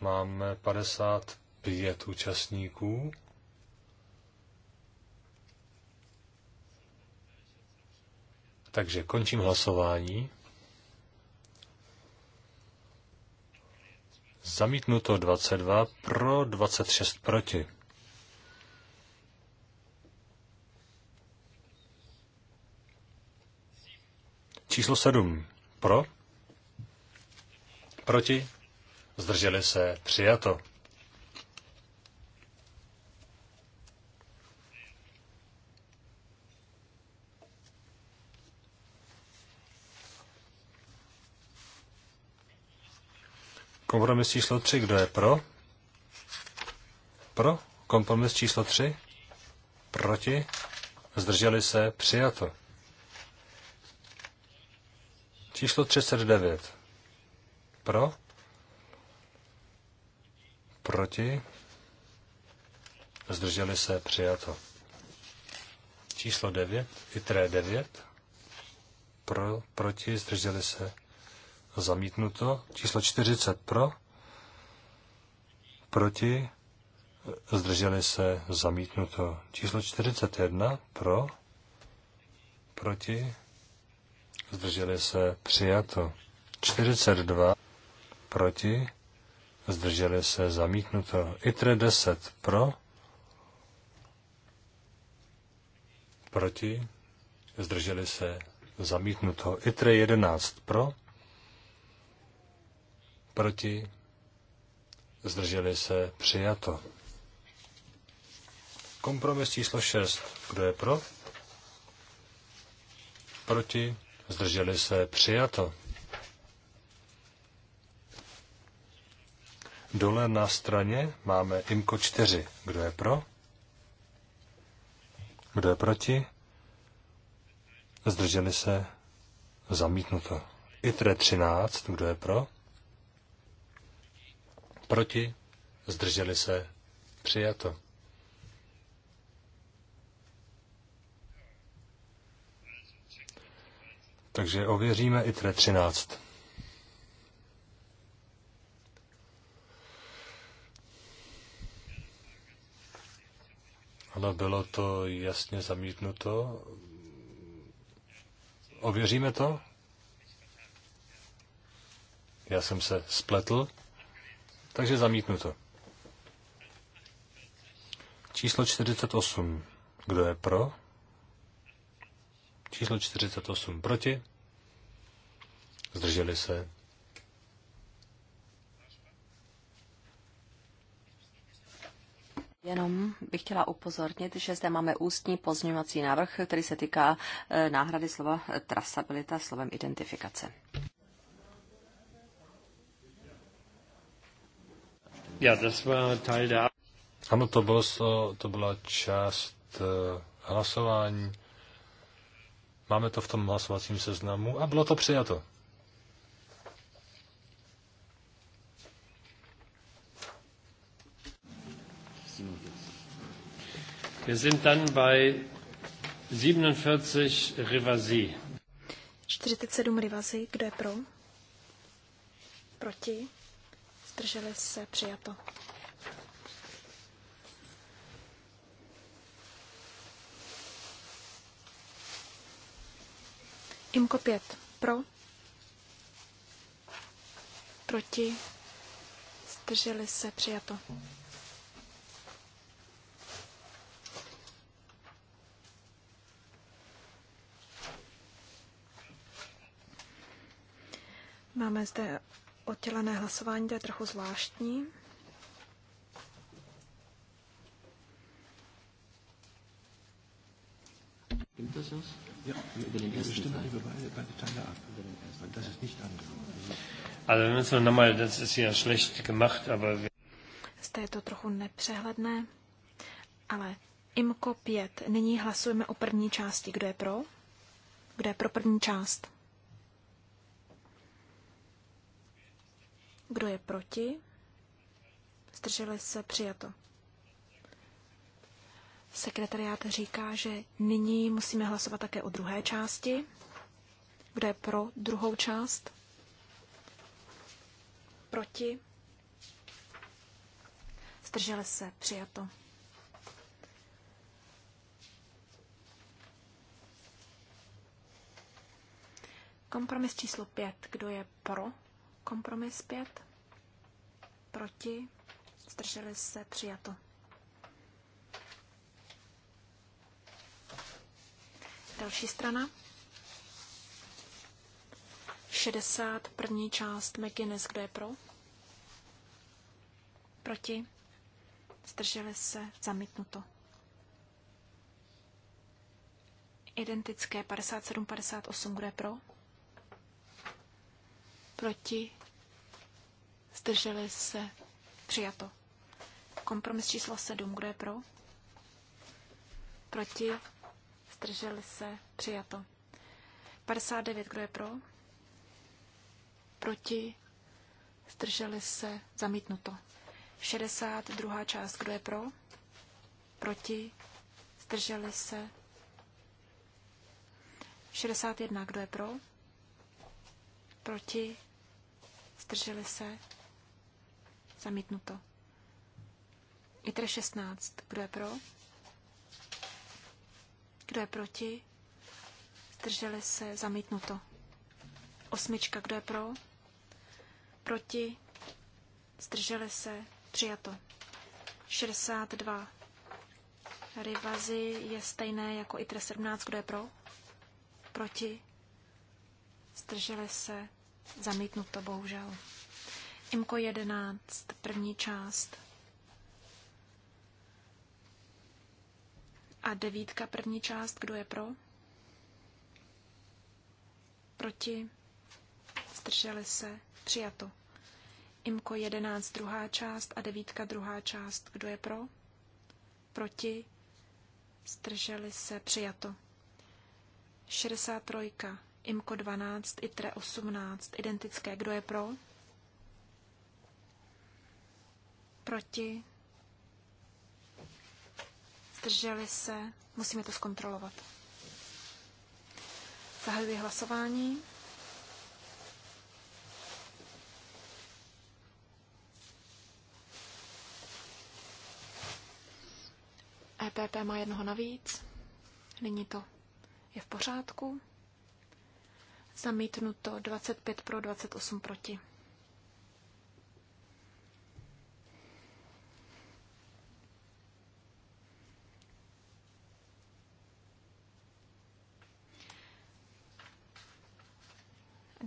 Máme 55 účastníků. Takže končím hlasování. Zamítnuto 22, pro 26 proti. Číslo 7. Pro? Proti? Zdrželi se. Přijato. Kompromis číslo 3, kdo je pro? Pro? Kompromis číslo 3? Proti? Zdrželi se? Přijato. Číslo 39. Pro? Proti? Zdrželi se? Přijato. Číslo 9. ITRE 9. Pro, proti? Zdrželi se? zamítnuto. Číslo 40 pro, proti, zdrželi se, zamítnuto. Číslo 41 pro, proti, zdrželi se, přijato. 42 proti, zdrželi se, zamítnuto. ITRE 10 pro, proti, zdrželi se, zamítnuto. ITRE 11 pro, Proti? Zdrželi se? Přijato. Kompromis číslo 6. Kdo je pro? Proti? Zdrželi se? Přijato. Dole na straně máme IMKO 4. Kdo je pro? Kdo je proti? Zdrželi se? Zamítnuto. ITRE 13. Kdo je pro? Proti? Zdrželi se? Přijato. Takže ověříme i tre 13. Ano, bylo to jasně zamítnuto. Ověříme to? Já jsem se spletl. Takže zamítnuto. Číslo 48. Kdo je pro? Číslo 48. Proti? Zdrželi se.
Jenom bych chtěla upozornit, že zde máme ústní pozměňovací návrh, který se týká eh, náhrady slova eh, trasabilita slovem identifikace.
Ja, das war Teil der... Ano, to, bylo, to byla část e, hlasování. Máme to v tom hlasovacím seznamu a bylo to přijato.
Wir sind dann bei 47 Rivasi.
47 Rivasi, kdo je pro? Proti? zdrželi se, přijato. Imko 5. Pro. Proti. Zdrželi se. Přijato. Máme zde oddělené hlasování, to je trochu zvláštní. Zde je to trochu nepřehledné, ale IMCO 5. Nyní hlasujeme o první části. Kdo je pro? Kdo je pro první část? Kdo je proti? Zdrželi se přijato. Sekretariát říká, že nyní musíme hlasovat také o druhé části. Kdo je pro druhou část? Proti? Zdrželi se přijato. Kompromis číslo 5. Kdo je pro Kompromis pět, Proti. Zdrželi se. Přijato. Další strana. 60. První část McGuinness. Kdo je pro? Proti. Zdrželi se. Zamítnuto. Identické 57-58. Kdo je pro? Proti Zdrželi se. Přijato. Kompromis číslo 7. Kdo je pro? Proti? Zdrželi se. Přijato. 59. Kdo je pro? Proti? Zdrželi se. Zamítnuto. 62. Druhá část. Kdo je pro? Proti? Zdrželi se. 61. Kdo je pro? Proti? Zdrželi se. Zamítnuto. ITRE 16. Kdo je pro? Kdo je proti? Zdrželi se. Zamítnuto. Osmička. Kdo je pro? Proti? Zdrželi se. Přijato. 62. Rivazy je stejné jako ITRE 17. Kdo je pro? Proti? Zdrželi se. Zamítnuto, bohužel. Imko 11, první část. A devítka, první část, kdo je pro? Proti? Zdrželi se? Přijato. Imko 11, druhá část a devítka, druhá část, kdo je pro? Proti? Zdrželi se? Přijato. 63. Imko 12, ITRE 18, identické, kdo je pro? proti, zdrželi se, musíme to zkontrolovat. Zahajuji hlasování. EPP má jednoho navíc. Nyní to je v pořádku. Zamítnuto 25 pro 28 proti.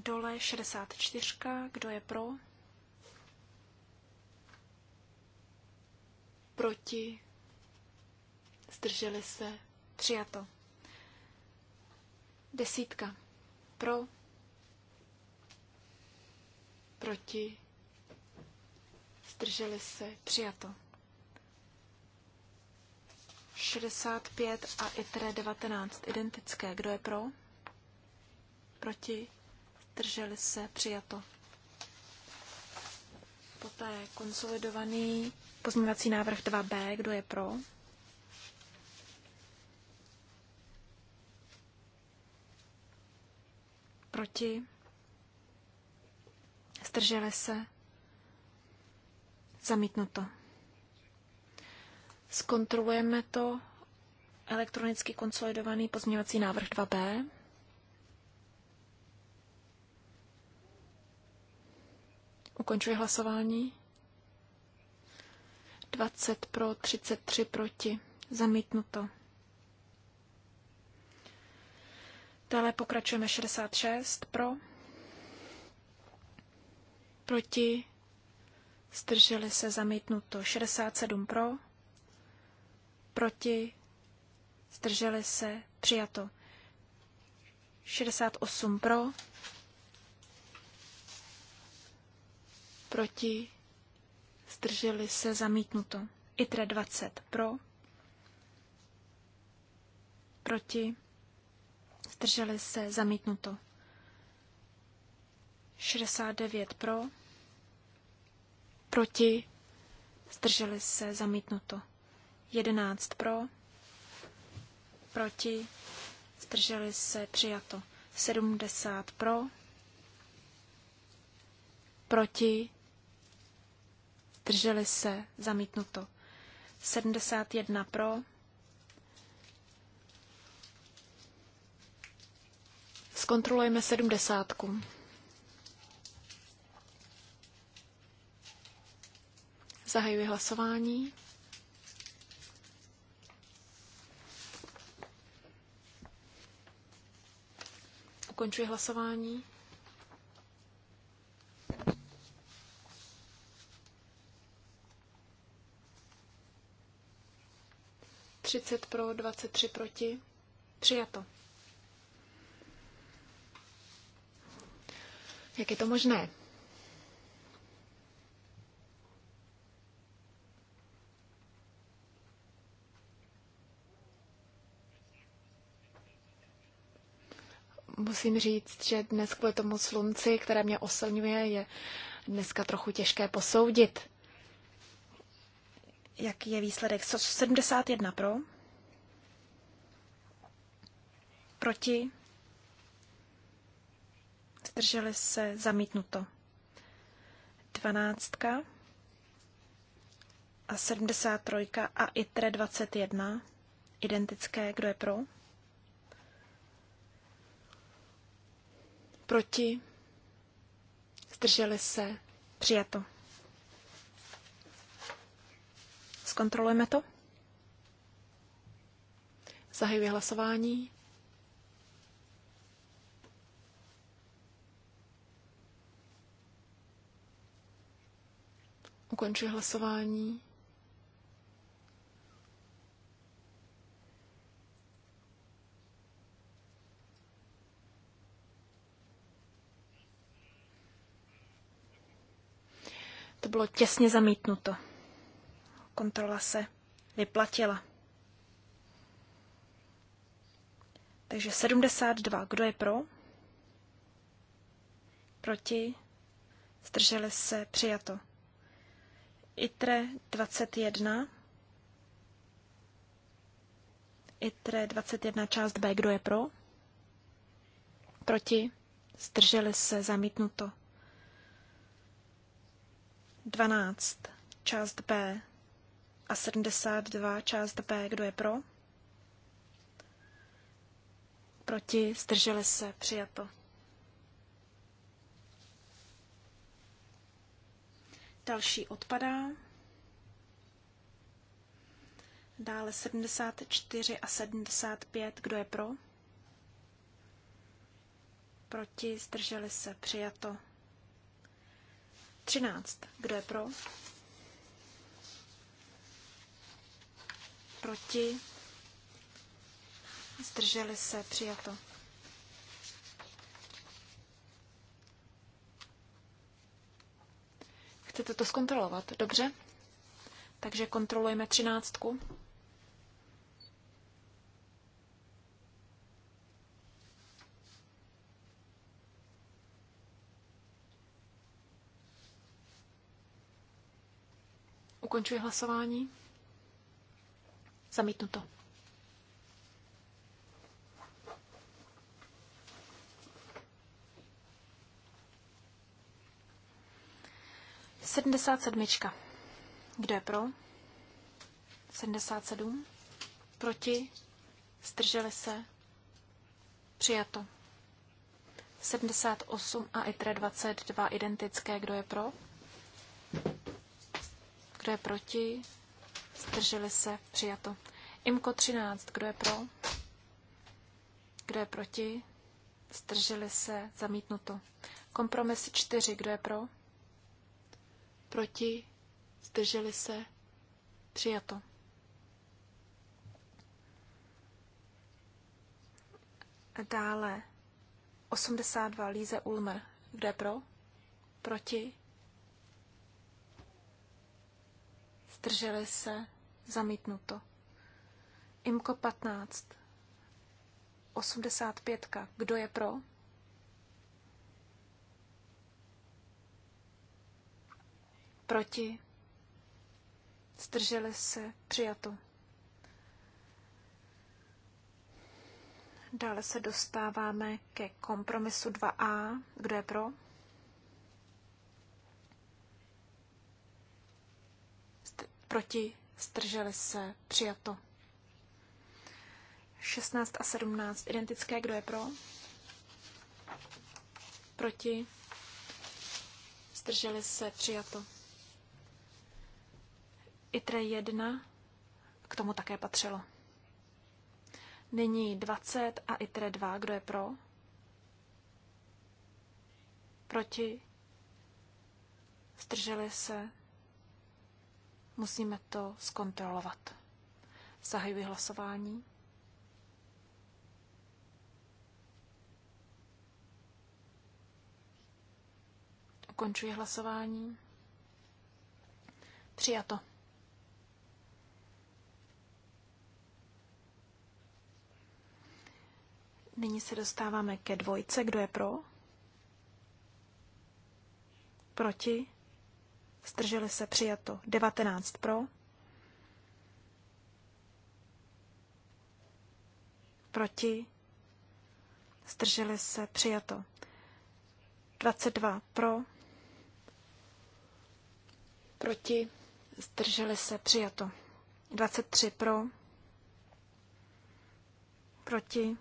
dole 64, kdo je pro? Proti? Zdrželi se? Přijato. Desítka. Pro? Proti? Zdrželi se? Přijato. 65 a ITRE 19 identické. Kdo je pro? Proti? zdrželi se, přijato. Poté konsolidovaný pozměňovací návrh 2b, kdo je pro? Proti? Zdrželi se? Zamítnuto. Zkontrolujeme to elektronicky konsolidovaný pozměňovací návrh 2b. Ukončuji hlasování. 20 pro, 33 proti. Zamítnuto. Dále pokračujeme 66 pro, proti, zdrželi se zamítnuto 67 pro, proti, zdrželi se přijato 68 pro, proti, zdrželi se zamítnuto. ITRE 20 pro, proti, zdrželi se zamítnuto. 69 pro, proti, zdrželi se zamítnuto. 11 pro, proti, zdrželi se přijato. 70 pro, proti, zdrželi se, zamítnuto. 71 pro, 70 Zkontrolujeme sedmdesátku. Zahajuji hlasování. Ukončuji hlasování. 30 pro, 23 proti. Přijato. Jak je to možné? Musím říct, že dnes kvůli tomu slunci, které mě oslňuje, je dneska trochu těžké posoudit Jaký je výsledek? 71 pro. Proti. Zdrželi se zamítnuto. 12 a 73 a ITRE 21 identické. Kdo je pro? Proti? Zdrželi se? Přijato. Zkontrolujeme to. Zahajuji hlasování. Ukončuji hlasování. To bylo těsně zamítnuto kontrola se vyplatila. Takže 72. Kdo je pro? Proti? Zdrželi se? Přijato. ITRE 21. ITRE 21 část B. Kdo je pro? Proti? Zdrželi se? Zamítnuto. 12. Část B a 72 část B. Kdo je pro? Proti? Zdrželi se? Přijato. Další odpadá. Dále 74 a 75. Kdo je pro? Proti? Zdrželi se? Přijato. 13. Kdo je pro? proti, zdrželi se, přijato. Chcete to zkontrolovat, dobře? Takže kontrolujeme třináctku. Ukončuji hlasování. Zamítnuto. Sedmdesát sedmička. Kdo je pro? 77. Proti? Zdrželi se? Přijato. 78 a ITRE 22 identické. Kdo je pro? Kdo je proti? Zdrželi se. Přijato. Imko 13. Kdo je pro? Kdo je proti? Zdrželi se. Zamítnuto. Kompromis 4. Kdo je pro? Proti? Zdrželi se. Přijato. Dále 82 Líze Ulmer. Kdo je pro? Proti? zdrželi se, zamítnuto. Imko 15, 85. Kdo je pro? Proti? Zdrželi se, přijato. Dále se dostáváme ke kompromisu 2a. Kdo je pro? proti, zdrželi se, přijato. 16 a 17 identické, kdo je pro, proti, zdrželi se, přijato. ITRE 1 k tomu také patřilo. Nyní 20 a ITRE 2, kdo je pro, proti, zdrželi se, Musíme to zkontrolovat. Zahajuji hlasování. Ukončuji hlasování. Přijato. Nyní se dostáváme ke dvojce. Kdo je pro? Proti? zdrželi se přijato 19 pro, proti, zdrželi se přijato 22 pro, proti, zdrželi se přijato 23 pro, proti,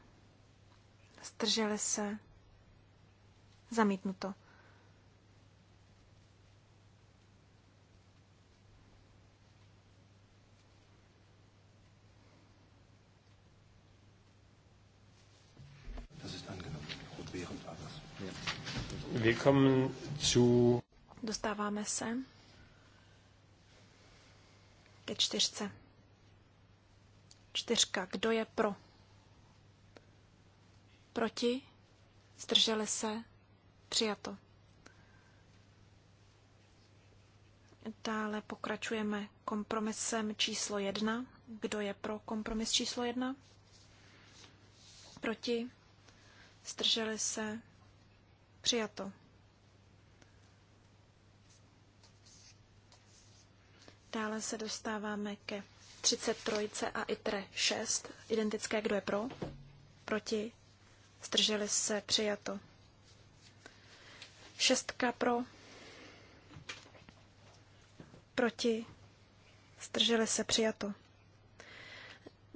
zdrželi se zamítnuto. Dostáváme se ke čtyřce. Čtyřka. Kdo je pro? Proti? Zdrželi se? Přijato. Dále pokračujeme kompromisem číslo jedna. Kdo je pro kompromis číslo jedna? Proti? Zdrželi se? Přijato. Dále se dostáváme ke 33 a ITRE 6. Identické, kdo je pro? Proti? Zdrželi se? Přijato. Šestka pro? Proti? Zdrželi se? Přijato.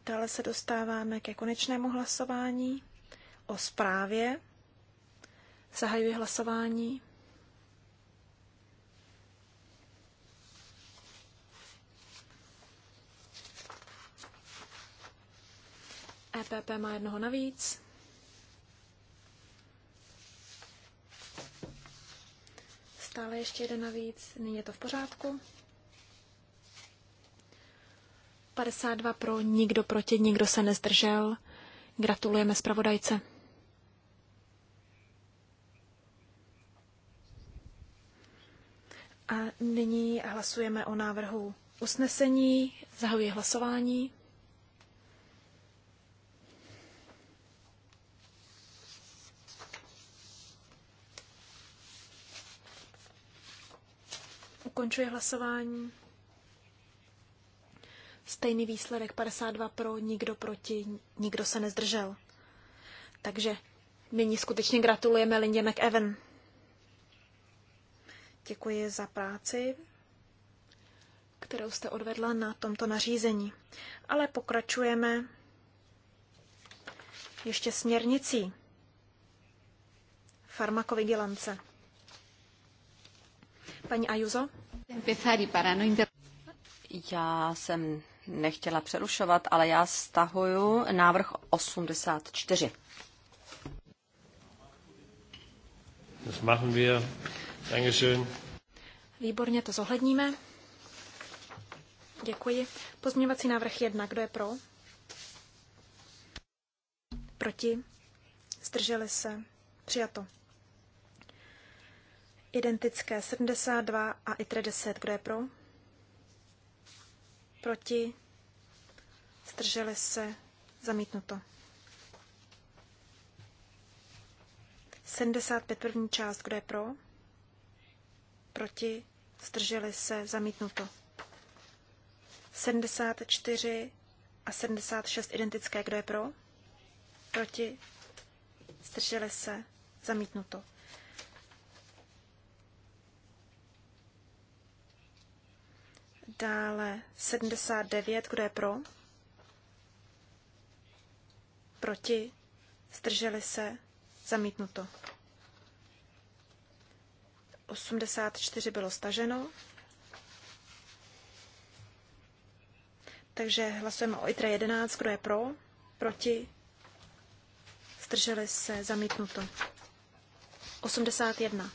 Dále se dostáváme ke konečnému hlasování o zprávě Zahajuji hlasování. EPP má jednoho navíc. Stále ještě jeden navíc, nyní je to v pořádku. 52 pro, nikdo proti, nikdo se nezdržel. Gratulujeme zpravodajce. A nyní hlasujeme o návrhu usnesení. Zahajuji hlasování. Ukončuji hlasování. Stejný výsledek 52 pro, nikdo proti, nikdo se nezdržel. Takže nyní skutečně gratulujeme Lindě McEwen. Děkuji za práci, kterou jste odvedla na tomto nařízení. Ale pokračujeme ještě směrnicí farmakovigilance. Paní Ajuzo?
Já jsem nechtěla přerušovat, ale já stahuju návrh 84.
Das machen wir Dankeschön.
Výborně, to zohledníme. Děkuji. Pozměňovací návrh jedna. Kdo je pro? Proti? Zdrželi se? Přijato. Identické 72 a ITRE 10. Kdo je pro? Proti? Zdrželi se? Zamítnuto. 75 první část. Kdo je pro? proti, zdrželi se, zamítnuto. 74 a 76 identické, kdo je pro, proti, zdrželi se, zamítnuto. Dále 79, kdo je pro? Proti? Zdrželi se? Zamítnuto. 84 bylo staženo. Takže hlasujeme o ITRE 11. Kdo je pro? Proti? Zdrželi se? Zamítnuto. 81,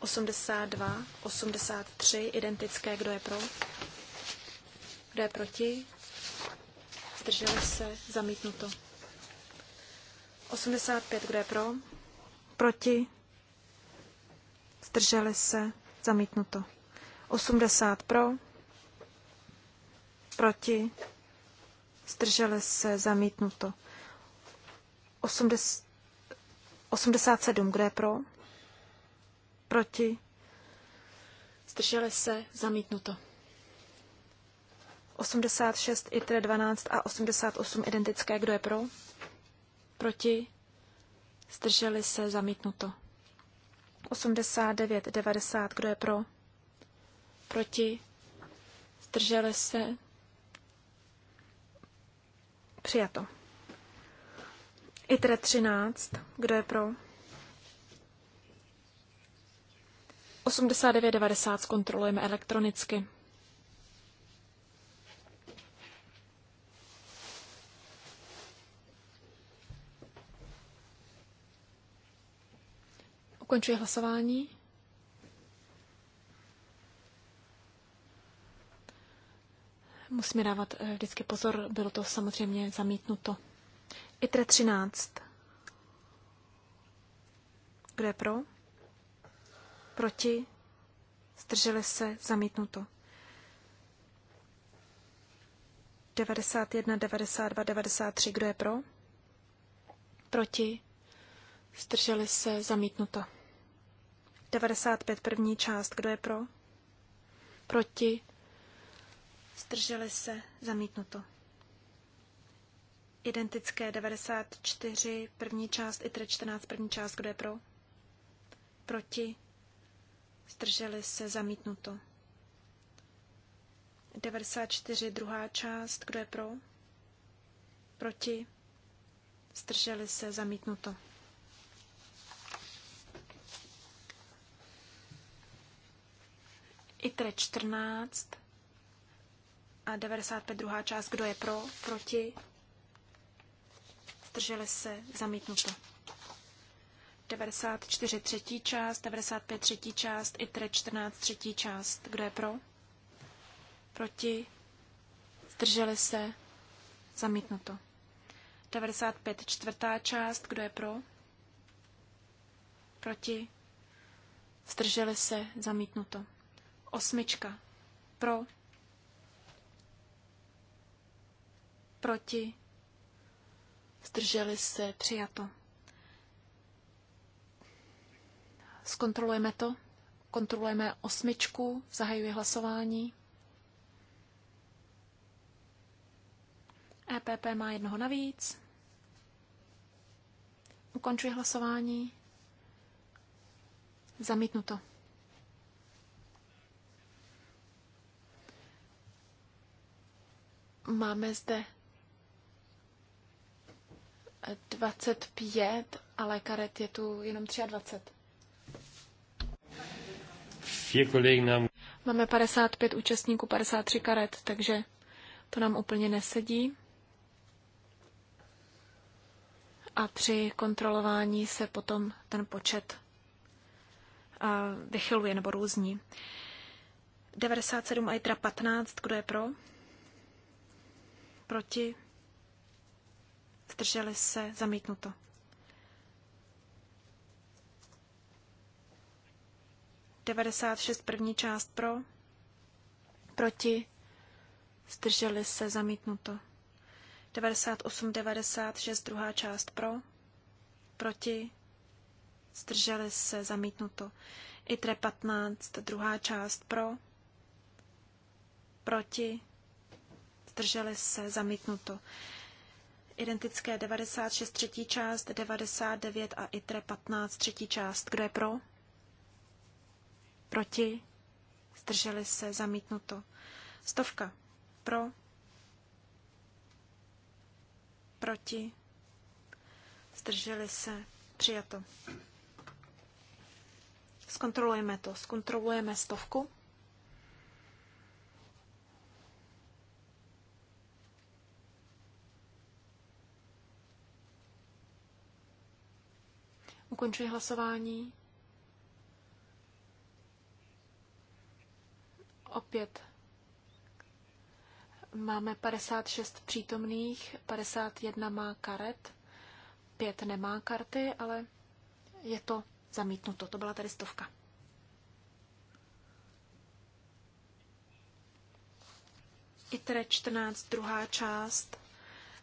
82, 83, identické. Kdo je pro? Kdo je proti? Zdrželi se? Zamítnuto. 85, kdo je pro? Proti? zdrželi se, zamítnuto. 80 pro, proti, zdrželi se, zamítnuto. 80, 87, kde je pro, proti, zdrželi se, zamítnuto. 86, ITRE 12 a 88 identické, kdo je pro, proti, zdrželi se, zamítnuto. 89, 90, kdo je pro? Proti? Zdrželi se? Přijato. ITRE 13, kdo je pro? 89, 90 zkontrolujeme elektronicky. Ukončuji hlasování. Musíme dávat eh, vždycky pozor, bylo to samozřejmě zamítnuto. ITRE 13. Kdo je pro? Proti? Zdrželi se? Zamítnuto. 91, 92, 93. Kdo je pro? Proti? Zdrželi se? Zamítnuto. 95 první část. Kdo je pro? Proti? Zdrželi se? Zamítnuto. Identické 94 první část i 14 první část. Kdo je pro? Proti? Zdrželi se? Zamítnuto. 94 druhá část. Kdo je pro? Proti? Zdrželi se? Zamítnuto. ITRE 14 a 95 druhá část, kdo je pro, proti, zdrželi se, zamítnuto. 94 třetí část, 95 třetí část, ITRE 14 třetí část, kdo je pro, proti, zdrželi se, zamítnuto. 95 čtvrtá část, kdo je pro, proti, zdrželi se, zamítnuto. Osmička. Pro. Proti. Zdrželi se. Přijato. Zkontrolujeme to. Kontrolujeme osmičku. Zahajuji hlasování. EPP má jednoho navíc. Ukončuji hlasování. Zamítnuto. Máme zde 25, ale karet je tu jenom 23. Máme 55 účastníků, 53 karet, takže to nám úplně nesedí. A při kontrolování se potom ten počet vychyluje nebo různí. 97 a 15, kdo je pro? proti, zdrželi se, zamítnuto. Devadesát šest první část pro, proti, zdrželi se, zamítnuto. 98, 96 druhá část pro, proti, zdrželi se, zamítnuto. ITRE 15 druhá část pro, proti, zdrželi se, zamítnuto. Identické 96 třetí část, 99 a ITRE 15 třetí část. Kdo je pro? Proti? Zdrželi se, zamítnuto. Stovka. Pro? Proti? Zdrželi se, přijato. Zkontrolujeme to. Zkontrolujeme stovku. Ukončuji hlasování. Opět máme 56 přítomných, 51 má karet, 5 nemá karty, ale je to zamítnuto. To byla tady stovka. ITRE 14, druhá část.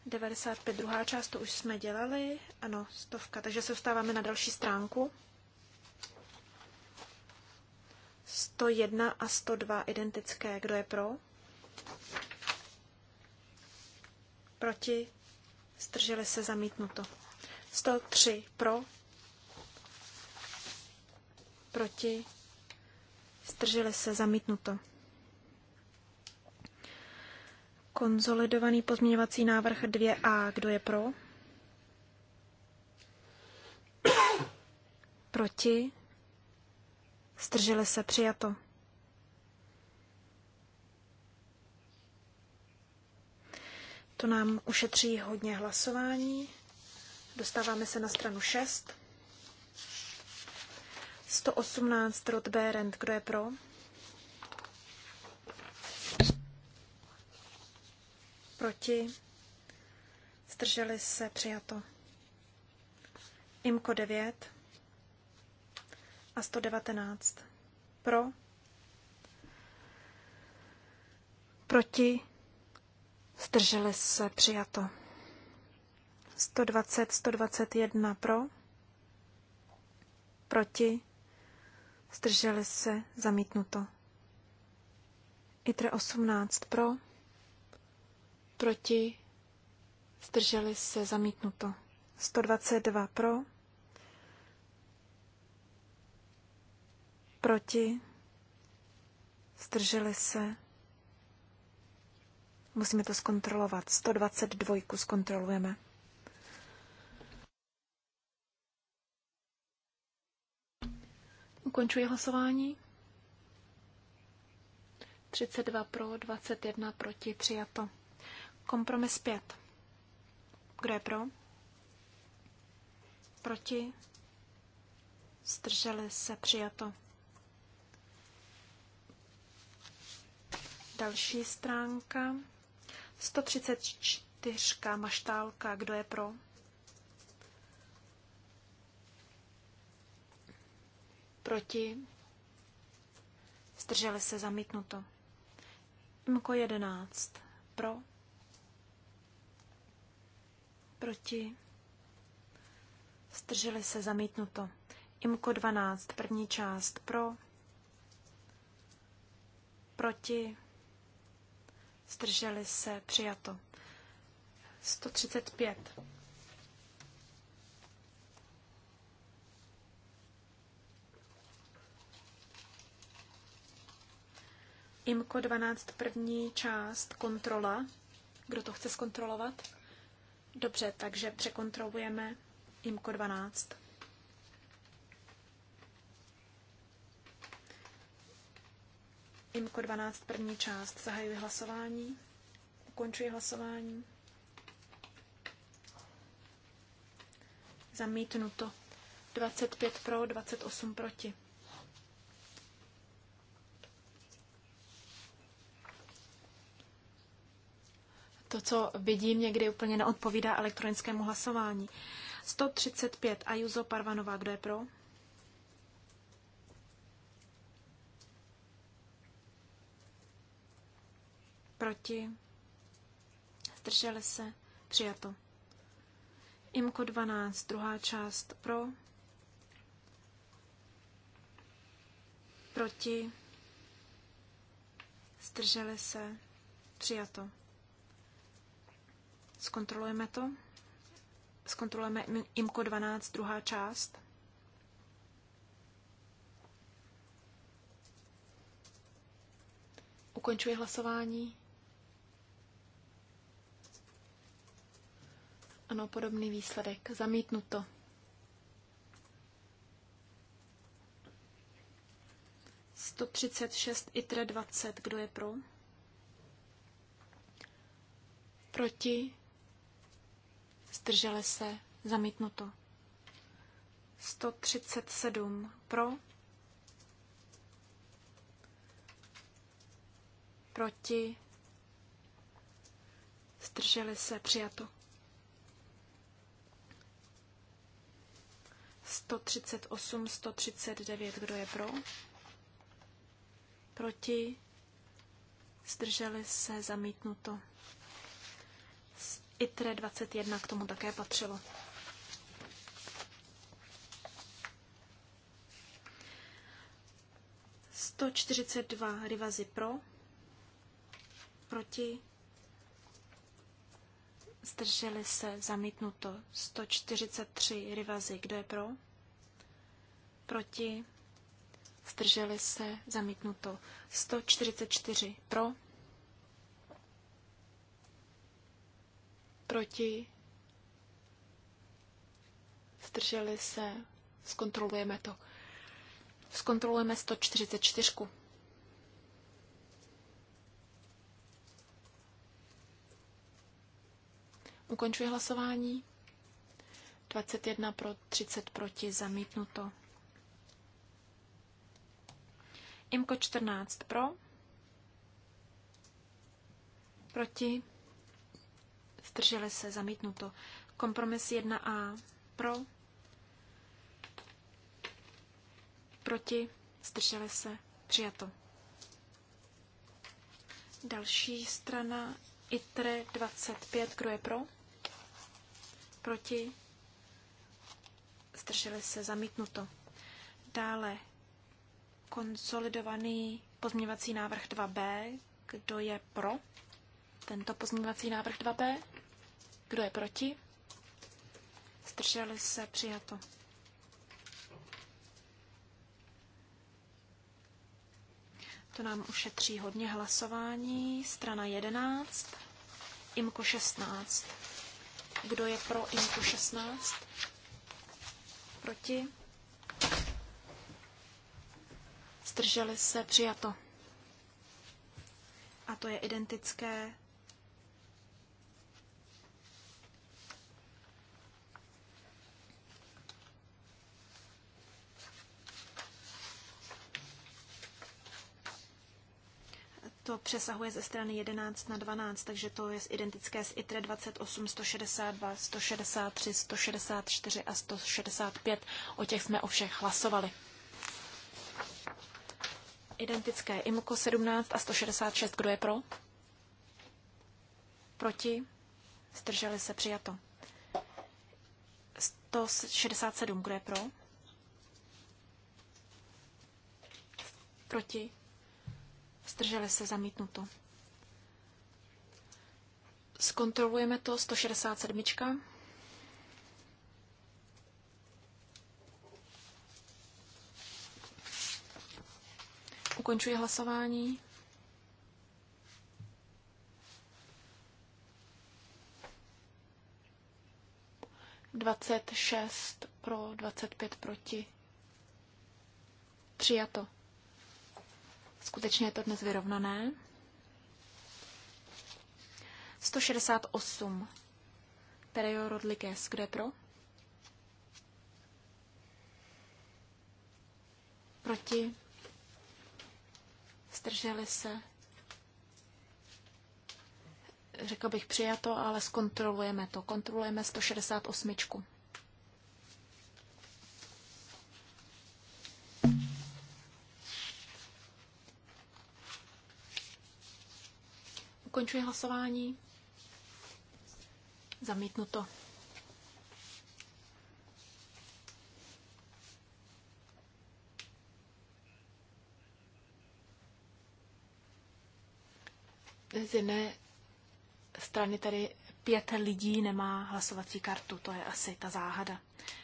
95, druhá část, to už jsme dělali. Ano, stovka, takže se vstáváme na další stránku. 101 a 102 identické. Kdo je pro? Proti? Strželi se zamítnuto. 103 pro? Proti? Strželi se zamítnuto. Konzolidovaný pozměňovací návrh 2a. Kdo je pro? Proti? Zdrželi se přijato. To nám ušetří hodně hlasování. Dostáváme se na stranu 6. 118 Rotberend, kdo je pro? proti, zdrželi se přijato. IMKO 9 a 119 pro, proti, zdrželi se přijato. 120, 121 pro, proti, zdrželi se zamítnuto. ITRE 18 pro, proti, zdrželi se zamítnuto. 122 pro, proti, zdrželi se. Musíme to zkontrolovat. 122 zkontrolujeme. Ukončuji hlasování. 32 pro, 21 proti, přijato. Kompromis 5. Kdo je pro? Proti? Zdrželi se přijato. Další stránka. 134. Maštálka. Kdo je pro? Proti? Zdrželi se zamítnuto. Mko 11. Pro? proti, zdrželi se zamítnuto. Imko 12, první část pro, proti, zdrželi se přijato. 135. Imko 12, první část, kontrola. Kdo to chce zkontrolovat? Dobře, takže překontrolujeme IMCO 12. IMCO 12, první část. Zahajuji hlasování. Ukončuji hlasování. Zamítnuto. 25 pro, 28 proti. To, co vidím, někdy úplně neodpovídá elektronickému hlasování. 135. Ajuzo Parvanová, kdo je pro? Proti? Zdrželi se? Přijato. Imko 12, druhá část pro, proti, zdrželi se, přijato. Zkontrolujeme to. Zkontrolujeme IMCO 12, druhá část. Ukončuji hlasování. Ano, podobný výsledek. Zamítnuto. Sto třicet šest itre dvacet. Kdo je pro? Proti? zdrželi se, zamítnuto. 137 pro, proti, zdrželi se, přijato. 138, 139, kdo je pro? Proti, zdrželi se, zamítnuto. ITRE 21 k tomu také patřilo. To 42 rivazy pro, proti, zdrželi se, zamítnuto. 143 rivazy, kdo je pro, proti, zdrželi se, zamítnuto. 144 pro, proti, zdrželi se, zkontrolujeme to. Zkontrolujeme 144. Ukončuji hlasování. 21 pro 30 proti zamítnuto. Imko 14 pro, proti, Zdrželi se zamítnuto. Kompromis 1A pro. Proti. Zdrželi se přijato. Další strana ITRE 25. Kdo je pro? Proti. Zdrželi se zamítnuto. Dále konsolidovaný pozměňovací návrh 2B. Kdo je pro tento pozměňovací návrh 2B? Kdo je proti? Zdrželi se přijato. To nám ušetří hodně hlasování. Strana 11, IMKO 16. Kdo je pro IMKO 16? Proti? Zdrželi se přijato. A to je identické to přesahuje ze strany 11 na 12, takže to je identické s ITRE 28, 162, 163, 164 a 165. O těch jsme o všech hlasovali. Identické Imko 17 a 166. Kdo je pro? Proti? Zdrželi se přijato. 167. Kdo je pro? Proti? zdrželi se zamítnuto. Zkontrolujeme to 167. Ukončuji hlasování. Dvacet šest pro, dvacet pět proti. Přijato. Skutečně je to dnes vyrovnané. 168. Perejo Rodliges, kde pro? Proti. Zdrželi se. Řekl bych přijato, ale zkontrolujeme to. Kontrolujeme 168. Ukončuji hlasování. to. Z jedné strany tady pět lidí nemá hlasovací kartu, to je asi ta záhada.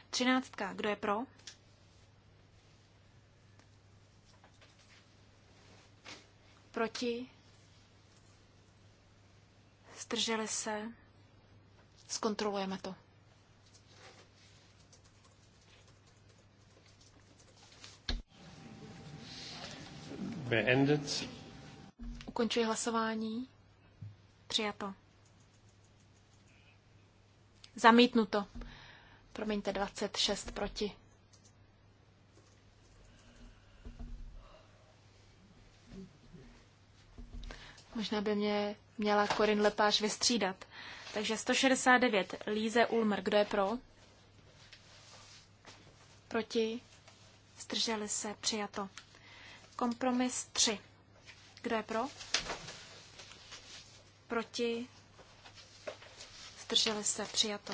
Třináctka, kdo je pro? Proti? zdrželi se, zkontrolujeme to.
Beendet.
Ukončuji hlasování. Přijato. Zamítnuto. Promiňte, 26 proti. Možná by mě měla Korin Lepáš vystřídat. Takže 169. Líze Ulmer. Kdo je pro? Proti? Zdrželi se. Přijato. Kompromis 3. Kdo je pro? Proti? Zdrželi se. Přijato.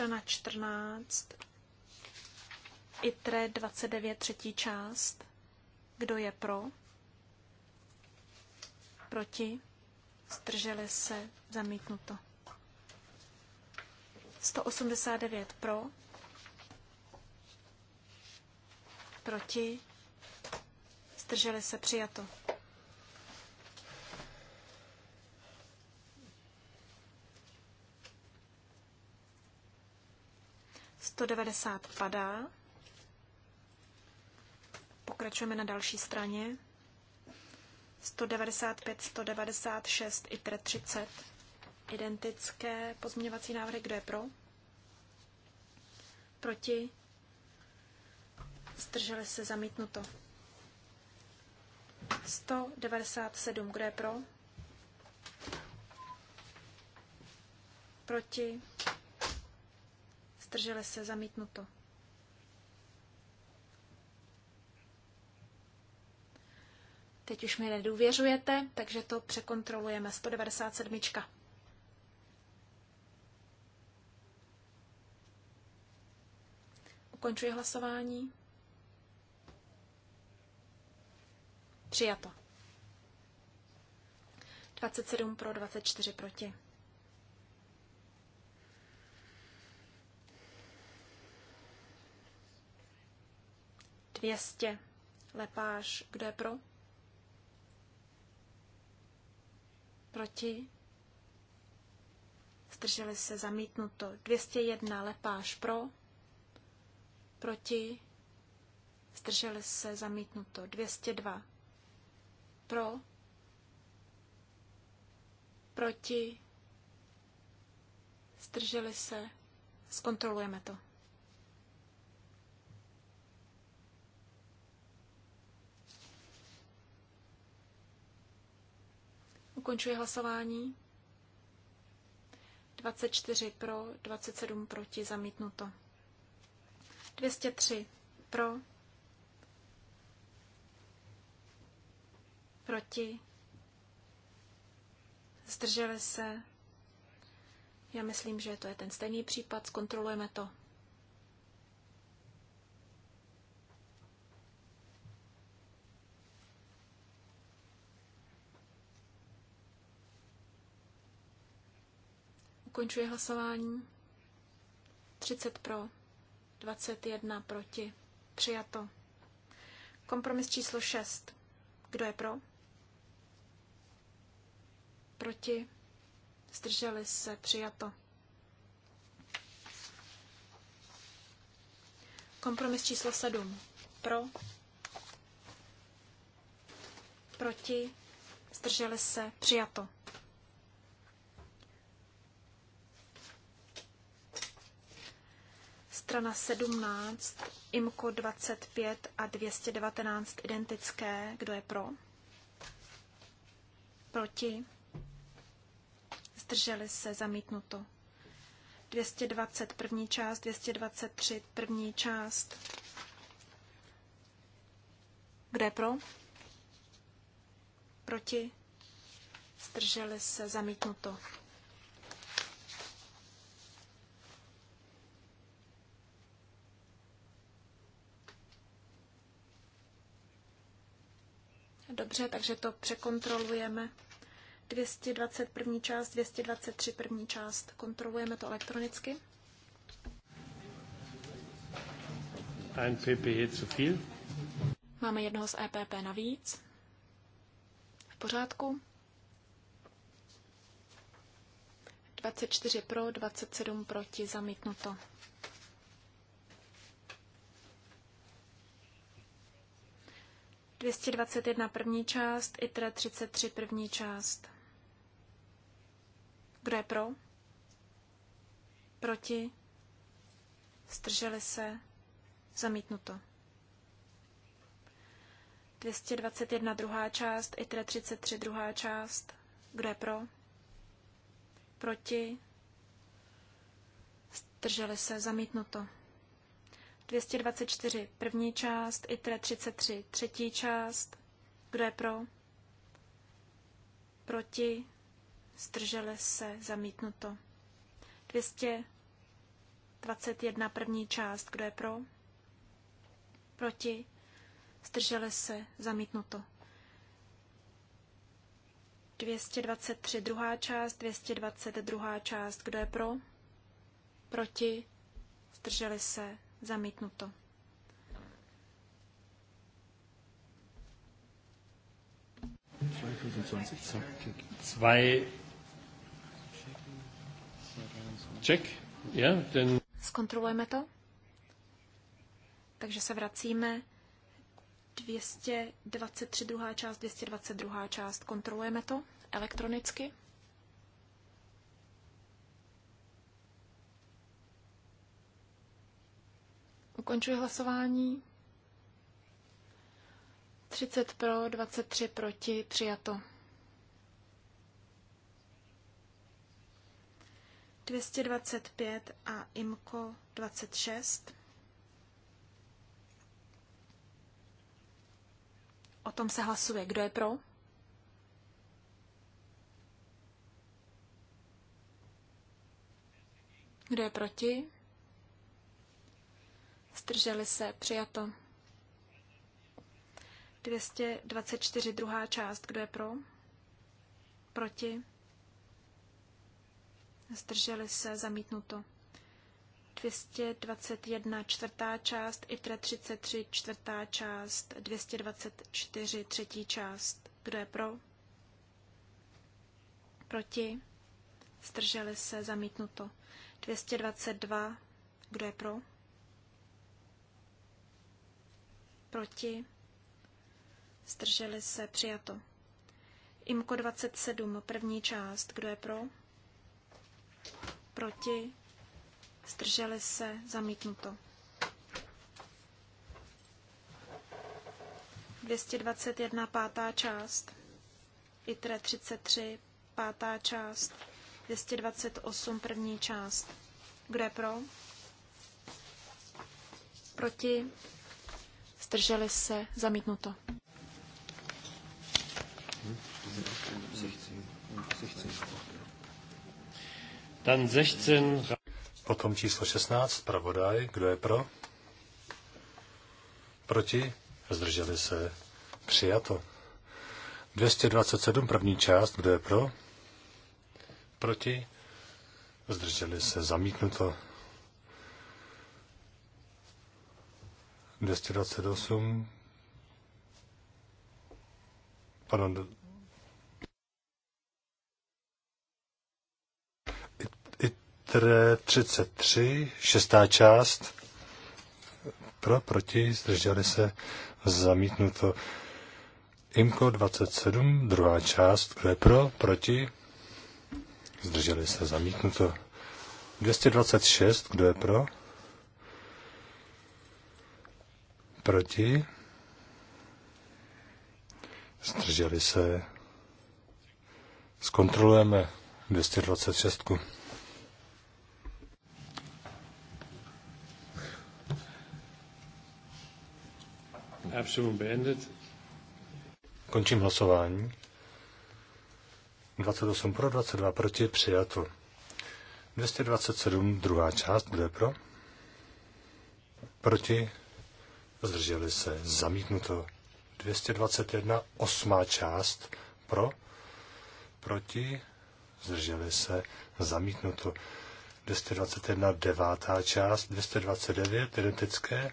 strana 14, ITRE 29, třetí část. Kdo je pro? Proti? Zdrželi se? Zamítnuto. 189 pro, proti, zdrželi se přijato. 190 padá. Pokračujeme na další straně. 195, 196 i 30. Identické pozměňovací návrhy. Kdo je pro? Proti? Zdrželi se zamítnuto. 197. Kdo je pro? Proti? zdržely se, zamítnuto. Teď už mi nedůvěřujete, takže to překontrolujeme. 197. Ukončuji hlasování. Přijato. 27 pro, 24 proti. 200. Lepáš, kdo je pro? Proti? Zdrželi se zamítnuto. 201. Lepáš pro? Proti? Zdrželi se zamítnuto. 202. Pro? Proti? Zdrželi se. Zkontrolujeme to. Ukončuji hlasování. 24 pro, 27 proti, zamítnuto. 203 pro, proti, zdrželi se. Já myslím, že to je ten stejný případ, zkontrolujeme to. Ukončuji hlasování. 30 pro, 21 proti. Přijato. Kompromis číslo 6. Kdo je pro? Proti. Zdrželi se. Přijato. Kompromis číslo 7. Pro. Proti. Zdrželi se. Přijato. strana 17, IMKO 25 a 219 identické. Kdo je pro? Proti? Zdrželi se zamítnuto. 220 první část, 223 první část. Kdo je pro? Proti? Zdrželi se zamítnuto. dobře, takže to překontrolujeme. 220 první část, 223 první část. Kontrolujeme to elektronicky.
Ein PP je zu viel.
Máme jednoho z EPP navíc. V pořádku. 24 pro, 27 proti, zamítnuto. 221 první část, ITRE 33 první část. Kdo je pro? Proti? Strželi se? Zamítnuto. 221 druhá část, ITRE 33 druhá část. Kdo je pro? Proti? Strželi se? Zamítnuto. 224, první část, ITRE 33, třetí část. Kdo je pro? Proti? Zdrželi se, zamítnuto. 221, první část. Kdo je pro? Proti? Zdrželi se, zamítnuto. 223, druhá část, 222, část. Kdo je pro? Proti? Zdrželi se, Zamítnuto. Check. Zkontrolujeme to. Takže se vracíme 223 druhá část, 222 část. Kontrolujeme to elektronicky. Ukončuji hlasování. 30 pro, 23 proti, přijato. 225 a IMKO 26. O tom se hlasuje. Kdo je pro? Kdo je proti? zdrželi se, přijato. 224 druhá část, kdo je pro, proti, zdrželi se, zamítnuto. 221 čtvrtá část, ITRE 33 čtvrtá část, 224 třetí část. Kdo je pro? Proti? Zdrželi se, zamítnuto. 222, kdo je pro? proti, zdrželi se, přijato. IMKO 27, první část, kdo je pro, proti, zdrželi se, zamítnuto. 221, pátá část, ITRE 33, pátá část, 228, první část. Kdo je pro? Proti? zdrželi se, zamítnuto.
16.
Potom číslo 16, pravodaj, kdo je pro? Proti? Zdrželi se. Přijato. 227, první část, kdo je pro? Proti? Zdrželi se. Zamítnuto. 228, pardon, ITRE 33, šestá část, pro, proti, zdrželi se, zamítnuto. IMKO 27, druhá část, kdo je pro, proti, zdrželi se, zamítnuto. 226, kdo je pro, Proti? Zdrželi se. Zkontrolujeme 226.
Abstimmung beendet.
Končím hlasování. 28 pro, 22 proti, přijato. 227, druhá část, kdo je pro? Proti, zdrželi se, zamítnuto. 221, osmá část, pro, proti, zdrželi se, zamítnuto. 221, devátá část, 229, identické,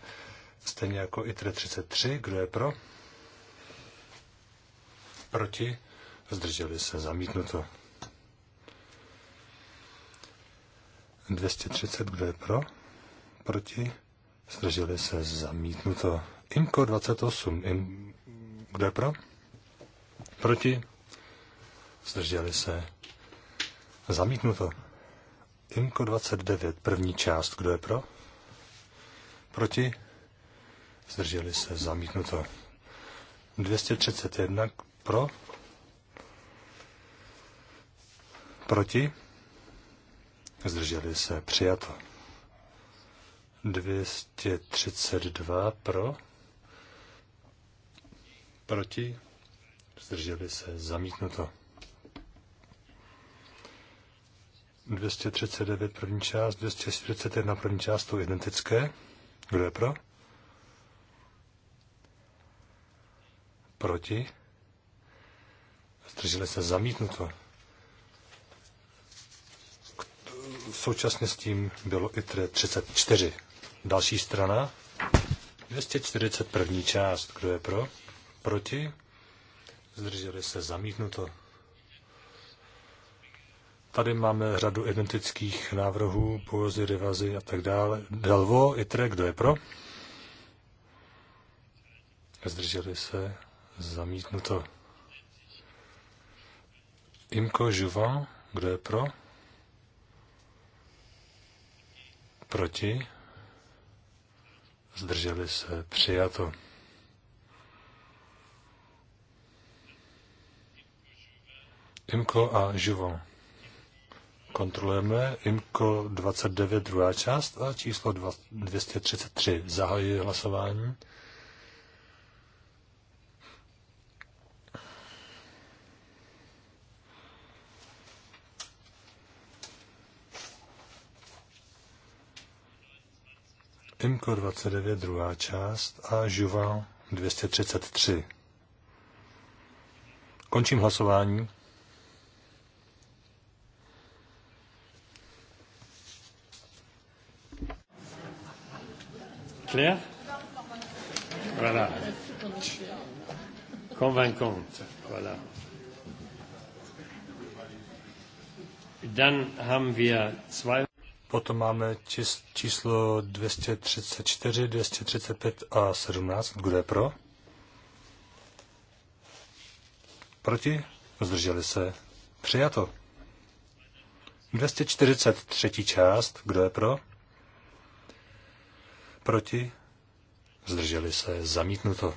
stejně jako i 33, kdo je pro, proti, zdrželi se, zamítnuto. 230, kdo je pro, proti, Zdrželi se zamítnuto. Imko 28. Im... Kdo je pro? Proti? Zdrželi se zamítnuto. Imko 29. První část. Kdo je pro? Proti? Zdrželi se zamítnuto. 231 pro? Proti? Zdrželi se přijato. 232 pro, proti, zdrželi se, zamítnuto. 239 první část, 241 první část to identické. Kdo je pro? Proti? Zdrželi se zamítnuto. Současně s tím bylo i 34. Další strana. 241. část. Kdo je pro? Proti? Zdrželi se zamítnuto. Tady máme řadu identických návrhů, pozy, revazy a tak dále. Delvo, ITRE, kdo je pro? Zdrželi se zamítnuto. Imko Juvan, kdo je pro? Proti? zdrželi se, přijato. Imko a živo. Kontrolujeme Imko 29, druhá část a číslo 233. Zahajuji hlasování. Imko 29, druhá část a Žuval 233. Končím hlasování.
Claire Voilà. Convaincante. Voilà. Dann haben wir zwei Potom
máme číslo 234, 235 a 17. Kdo je pro? Proti? Zdrželi se. Přijato. 243. část. Kdo je pro? Proti? Zdrželi se. Zamítnuto.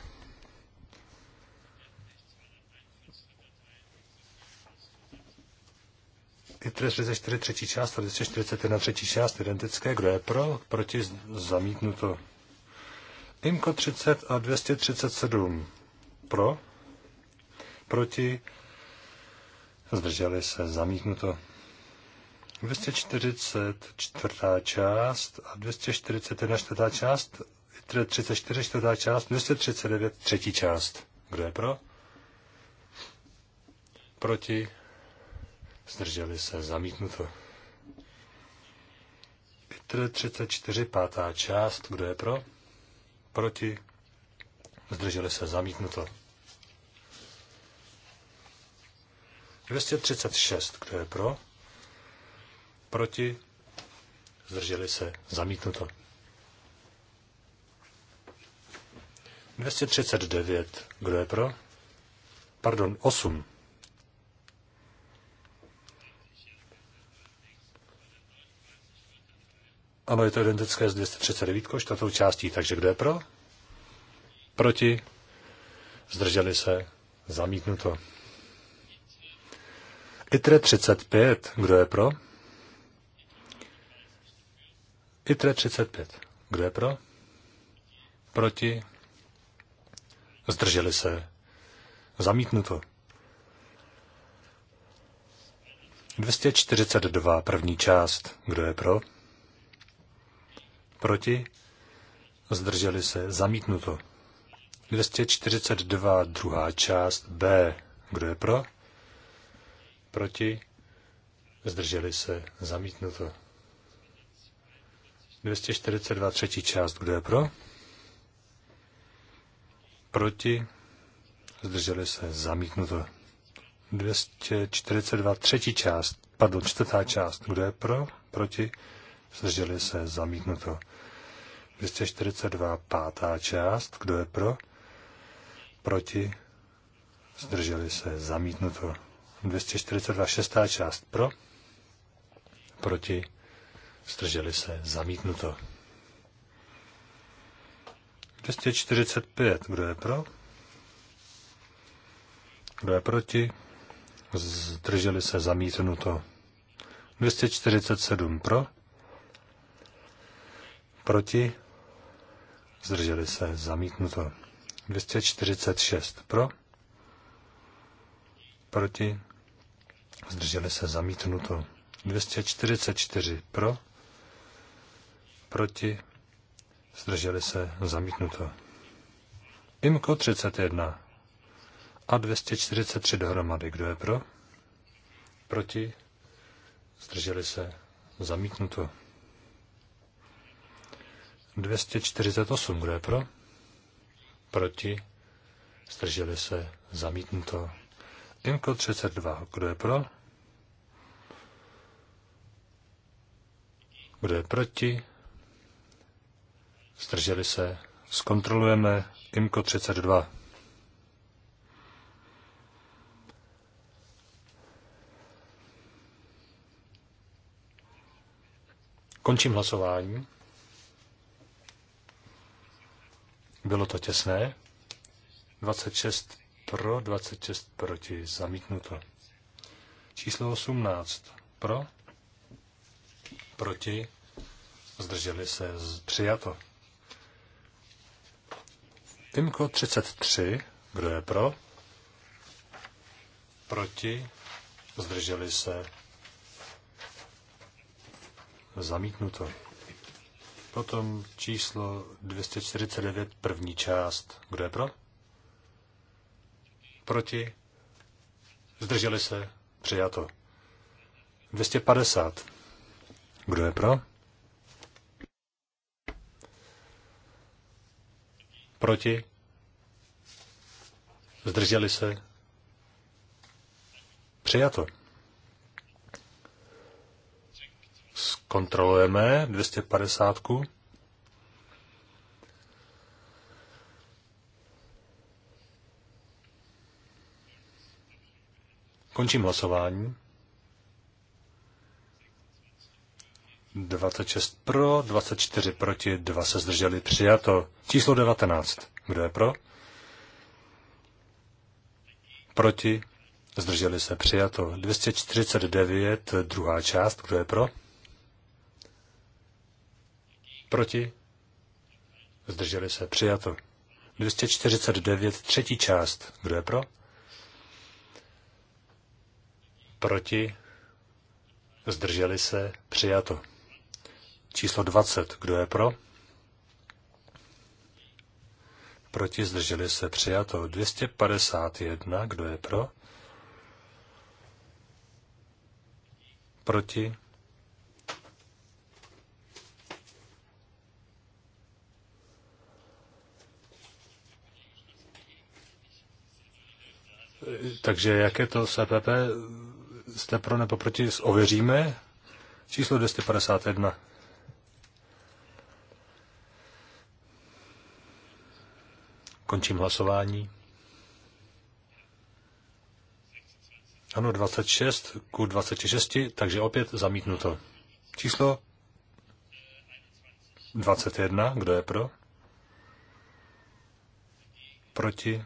ITRE 44 třetí část a třetí část identické. Kdo je pro? Proti zamítnuto. IMKO 30 a 237 pro. Proti zdrželi se zamítnuto. 240 čtvrtá část a 241 čtvrtá část, ITRE 34 čtvrtá část, 239 třetí část. Kdo je pro? Proti zdrželi se, zamítnuto. Petr 34, pátá část, kdo je pro? Proti, zdrželi se, zamítnuto. 236, kdo je pro? Proti, zdrželi se, zamítnuto. 239, kdo je pro? Pardon, 8, Ano, je to identické s 239, čtvrtou částí, takže kdo je pro? Proti? Zdrželi se? Zamítnuto. ITRE 35, kdo je pro? ITRE 35, kdo je pro? Proti? Zdrželi se? Zamítnuto. 242, první část, kdo je pro? proti, zdrželi se, zamítnuto. 242, druhá část, B, kdo je pro, proti, zdrželi se, zamítnuto. 242, třetí část, kdo je pro, proti, zdrželi se, zamítnuto. 242, třetí část, pardon, čtvrtá část, kdo je pro, proti, zdrželi se, zamítnuto. 242, pátá část, kdo je pro, proti, zdrželi se, zamítnuto. 242, šestá část, pro, proti, zdrželi se, zamítnuto. 245, kdo je pro, kdo je proti? Zdrželi se zamítnuto. 247 pro. Proti? Zdrželi se. Zamítnuto. 246 pro. Proti? Zdrželi se. Zamítnuto. 244 pro. Proti? Zdrželi se. Zamítnuto. IMKO 31 a 243 dohromady. Kdo je pro? Proti? Zdrželi se. Zamítnuto. 248. Kdo je pro? Proti? Zdrželi se. Zamítnuto. Imko 32. Kdo je pro? Kdo je proti? Zdrželi se. Zkontrolujeme Imko 32. Končím hlasování. Bylo to těsné. 26 pro, 26 proti, zamítnuto. Číslo 18 pro, proti, zdrželi se, přijato. Pimko 33, kdo je pro? Proti, zdrželi se, zamítnuto. Potom číslo 249, první část. Kdo je pro? Proti? Zdrželi se? Přijato. 250. Kdo je pro? Proti? Zdrželi se? Přijato. zkontrolujeme 250. Končím hlasování. 26 pro, 24 proti, 2 se zdrželi, přijato. Číslo 19. Kdo je pro? Proti, zdrželi se, přijato. 249, druhá část, kdo je pro? Proti? Zdrželi se. Přijato. 249, třetí část. Kdo je pro? Proti? Zdrželi se. Přijato. Číslo 20. Kdo je pro? Proti zdrželi se přijato 251. Kdo je pro? Proti takže jak je to s EPP? Jste pro nebo proti? Ověříme. Číslo 251. Končím hlasování. Ano, 26 ku 26, takže opět zamítnuto. Číslo 21, kdo je pro? Proti?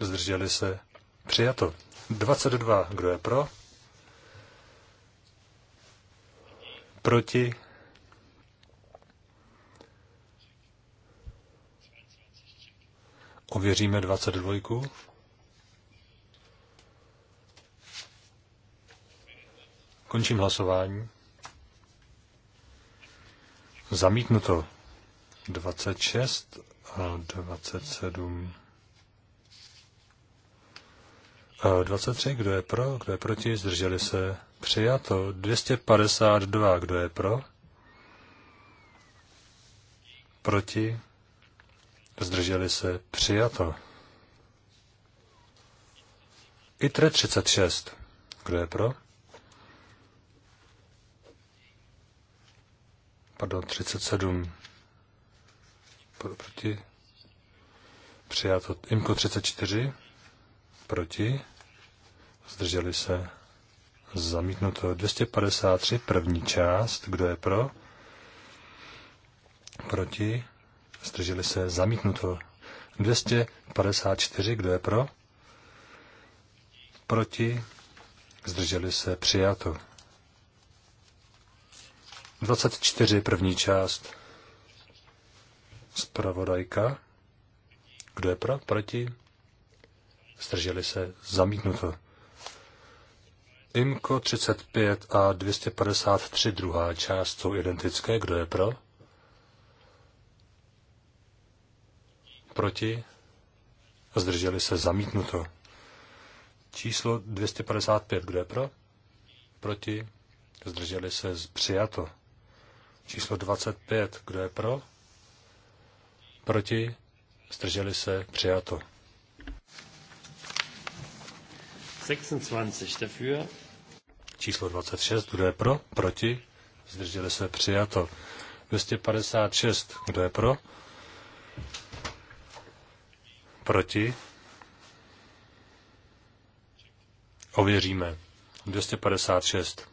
Zdrželi se? Přijato. 22. Kdo je pro? Proti? Ověříme 22. Končím hlasování. Zamítnuto 26 a 27. 23, kdo je pro, kdo je proti, zdrželi se, přijato. 252, kdo je pro, proti, zdrželi se, přijato. ITRE 36, kdo je pro? Pardon, 37. Pro, proti. Přijato. IMKO 34 proti, zdrželi se, zamítnuto 253, první část, kdo je pro, proti, zdrželi se, zamítnuto 254, kdo je pro, proti, zdrželi se, přijato. 24, první část, zpravodajka, kdo je pro, proti, Zdrželi se zamítnuto. IMKO 35 a 253 druhá část jsou identické. Kdo je pro? Proti? Zdrželi se zamítnuto. Číslo 255. Kdo je pro? Proti? Zdrželi se přijato. Číslo 25. Kdo je pro? Proti? Zdrželi se přijato.
26 dafür. Číslo 26,
kdo je pro? Proti? Zdrželi se přijato. 256, kdo je pro? Proti? Ověříme. 256.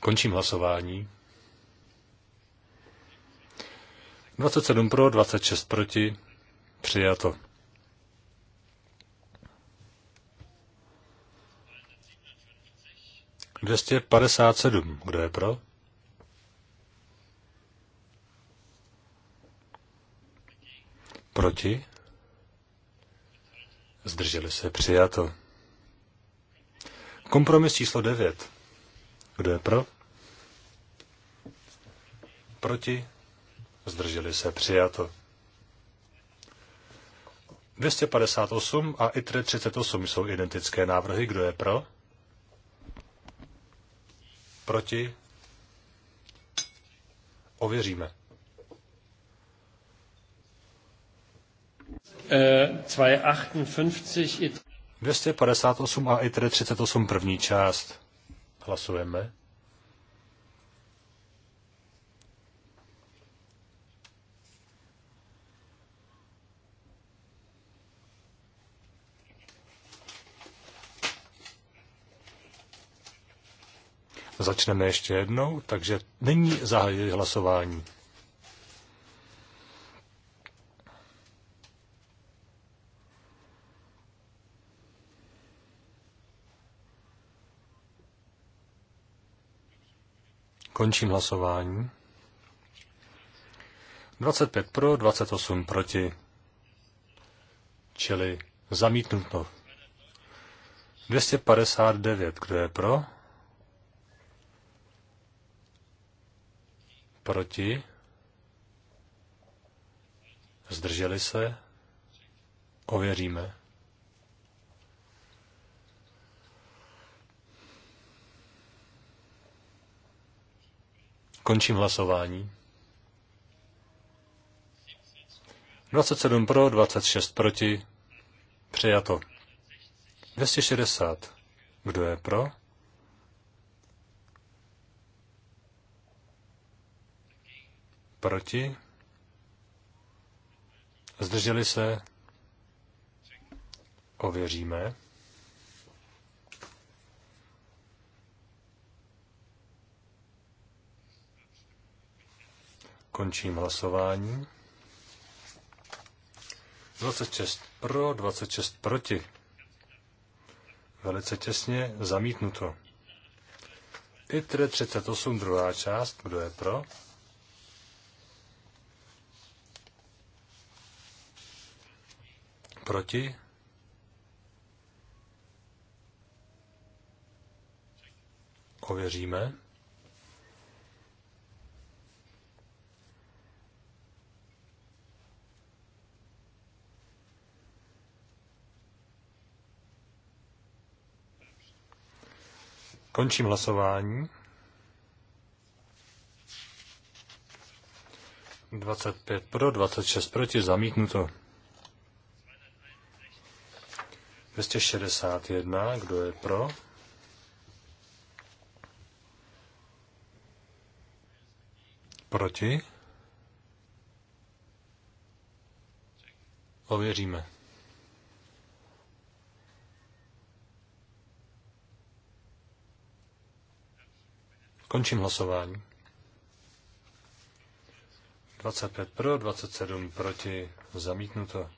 Končím hlasování. 27 pro, 26 proti. Přijato. Dvěstě padesát sedm. Kdo je pro? Proti? Zdrželi se přijato. Kompromis číslo devět Kdo je pro? Proti? zdrželi se přijato. 258 a ITRE 38 jsou identické návrhy. Kdo je pro? Proti?
Ověříme. Uh, äh, 258
e. a ITRE 38 první část. Hlasujeme. Začneme ještě jednou, takže nyní zahajuji hlasování. Končím hlasování. 25 pro, 28 proti, čili zamítnuto. 259, kdo je pro? Proti? Zdrželi se? Ověříme. Končím hlasování. 27 pro, 26 proti. Přijato. 260. Kdo je pro? Proti? Zdrželi se? Ověříme. Končím hlasování. 26 pro, 26 proti. Velice těsně zamítnuto. ITRE 38, druhá část, kdo je pro? Proti? Ověříme. Končím hlasování. 25 pro, 26 proti, zamítnuto. 261, kdo je pro? Proti? Ověříme. Končím hlasování. 25 pro, 27 proti, zamítnuto.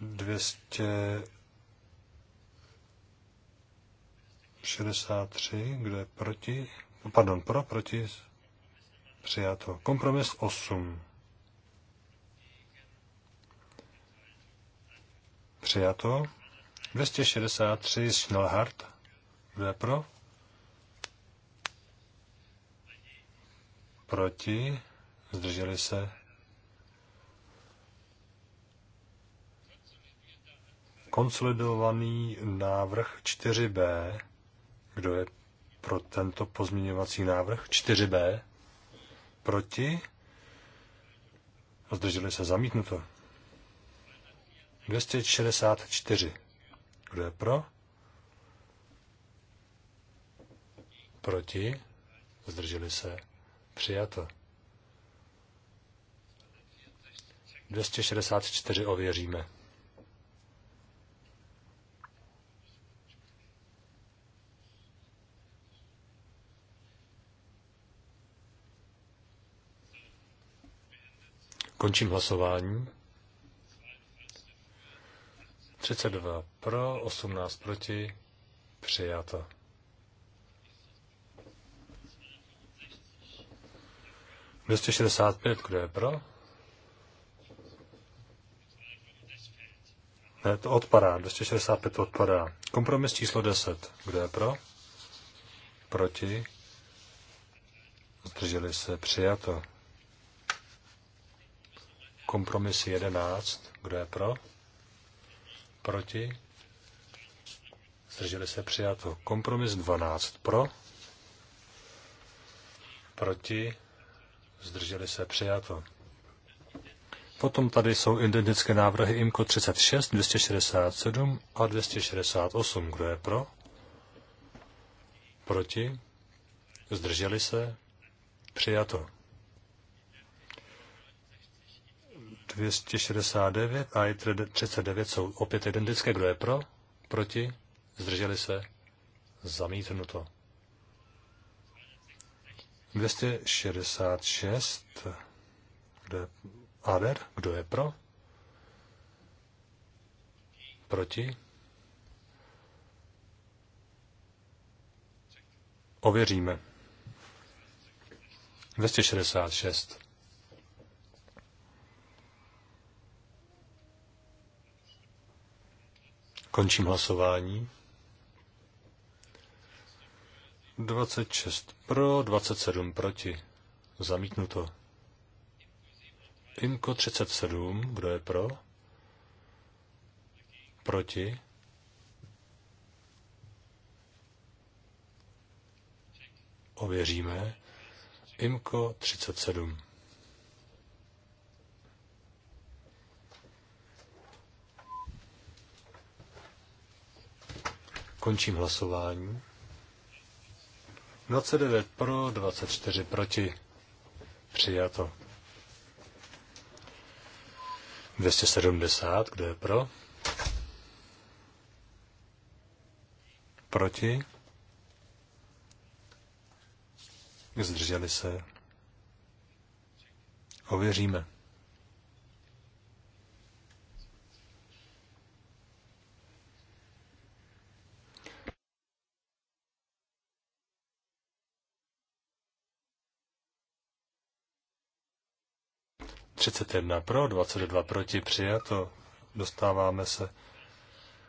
263, kdo je proti, pardon, pro, proti, přijato. Kompromis 8. Přijato. 263 Schnellhardt. Kdo je pro? Proti. Zdrželi se. Konsolidovaný návrh 4b. Kdo je pro tento pozměňovací návrh? 4b. Proti? Zdrželi se zamítnuto. 264. Kdo je pro? Proti? Zdrželi se. Přijato. 264 ověříme. Končím hlasování. 32 pro, 18 proti, přijata. Dvěstě šedesát kdo je pro? Ne, to odpadá, 265 odpadá. Kompromis číslo 10, kdo je pro? Proti? Zdrželi se, přijato. Kompromis 11. Kdo je pro? Proti? Zdrželi se přijato. Kompromis 12. Pro? Proti? Zdrželi se přijato. Potom tady jsou identické návrhy IMCO 36, 267 a 268. Kdo je pro? Proti? Zdrželi se? Přijato. 269 a i 39 jsou opět identické. Kdo je pro? Proti? Zdrželi se? Zamítnuto. 266. Kdo je Ader? Kdo je pro? Proti? Ověříme. 266. Končím hlasování. 26 pro, 27 proti. Zamítnuto. Imko 37, kdo je pro? Proti? Ověříme. Imko 37. Končím hlasování. 29 pro, 24 proti. Přijato. 270, kdo je pro? Proti? Zdrželi se. Ověříme. 31 pro, 22 proti, přijato. Dostáváme se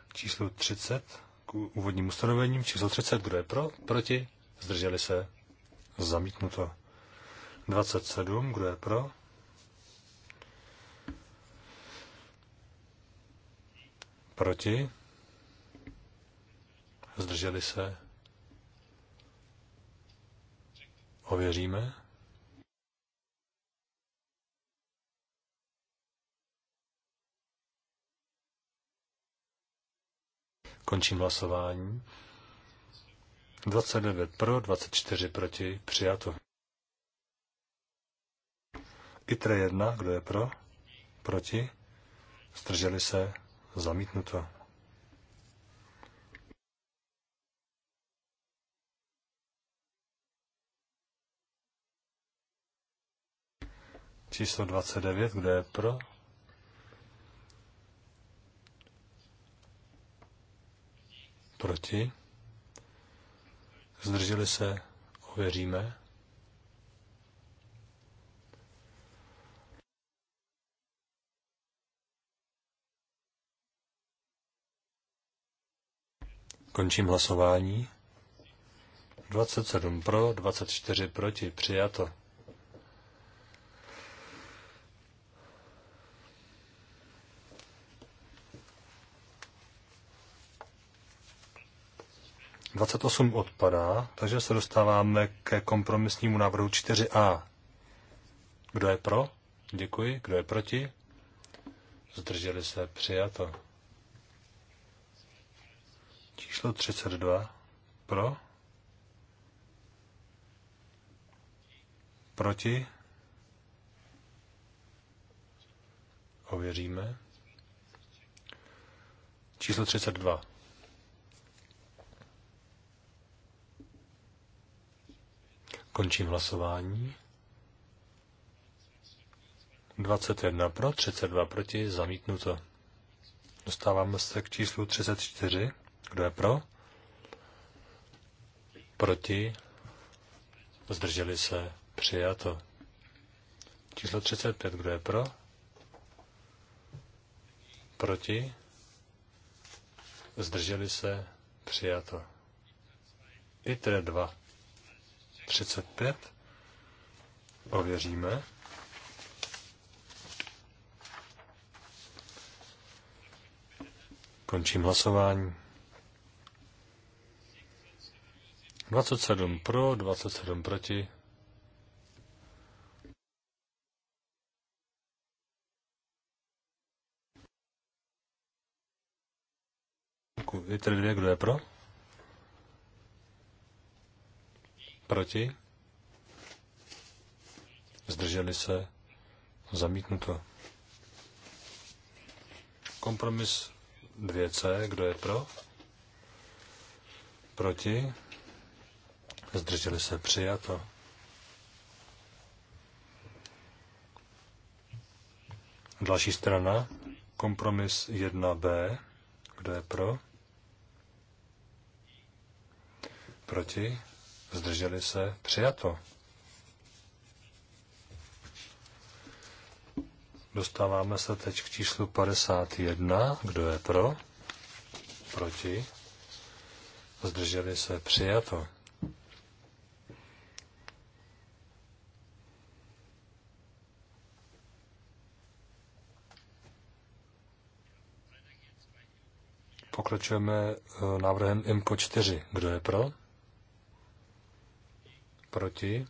k číslu 30, k úvodním ustanovením. Číslo 30, kdo je pro, proti, zdrželi se, zamítnuto. 27, kdo je pro, proti, zdrželi se, ověříme. Končím hlasování. 29 pro, 24 proti, přijato. ITRE 1, kdo je pro? Proti? Strželi se? Zamítnuto. Číslo 29, kdo je pro? Proti? Zdrželi se? Ověříme. Končím hlasování. 27 pro, 24 proti, přijato. 28 odpadá, takže se dostáváme ke kompromisnímu návrhu 4a. Kdo je pro? Děkuji. Kdo je proti? Zdrželi se přijato. Číslo 32. Pro? Proti? Ověříme. Číslo 32. Končím hlasování. 21 pro, 32 proti, zamítnuto. Dostáváme se k číslu 34. Kdo je pro? Proti? Zdrželi se? Přijato. Číslo 35. Kdo je pro? Proti? Zdrželi se? Přijato. tedy dva. 35. Ověříme. Končím hlasování. 27 pro, 27 proti. Je tedy dvě, kdo je pro? Proti? Zdrželi se? Zamítnuto. Kompromis 2C. Kdo je pro? Proti? Zdrželi se? Přijato. Další strana. Kompromis 1B. Kdo je pro? Proti? zdrželi se, přijato. Dostáváme se teď k číslu 51. Kdo je pro? Proti? Zdrželi se, přijato. Pokračujeme eh, návrhem mk 4. Kdo je pro? Proti?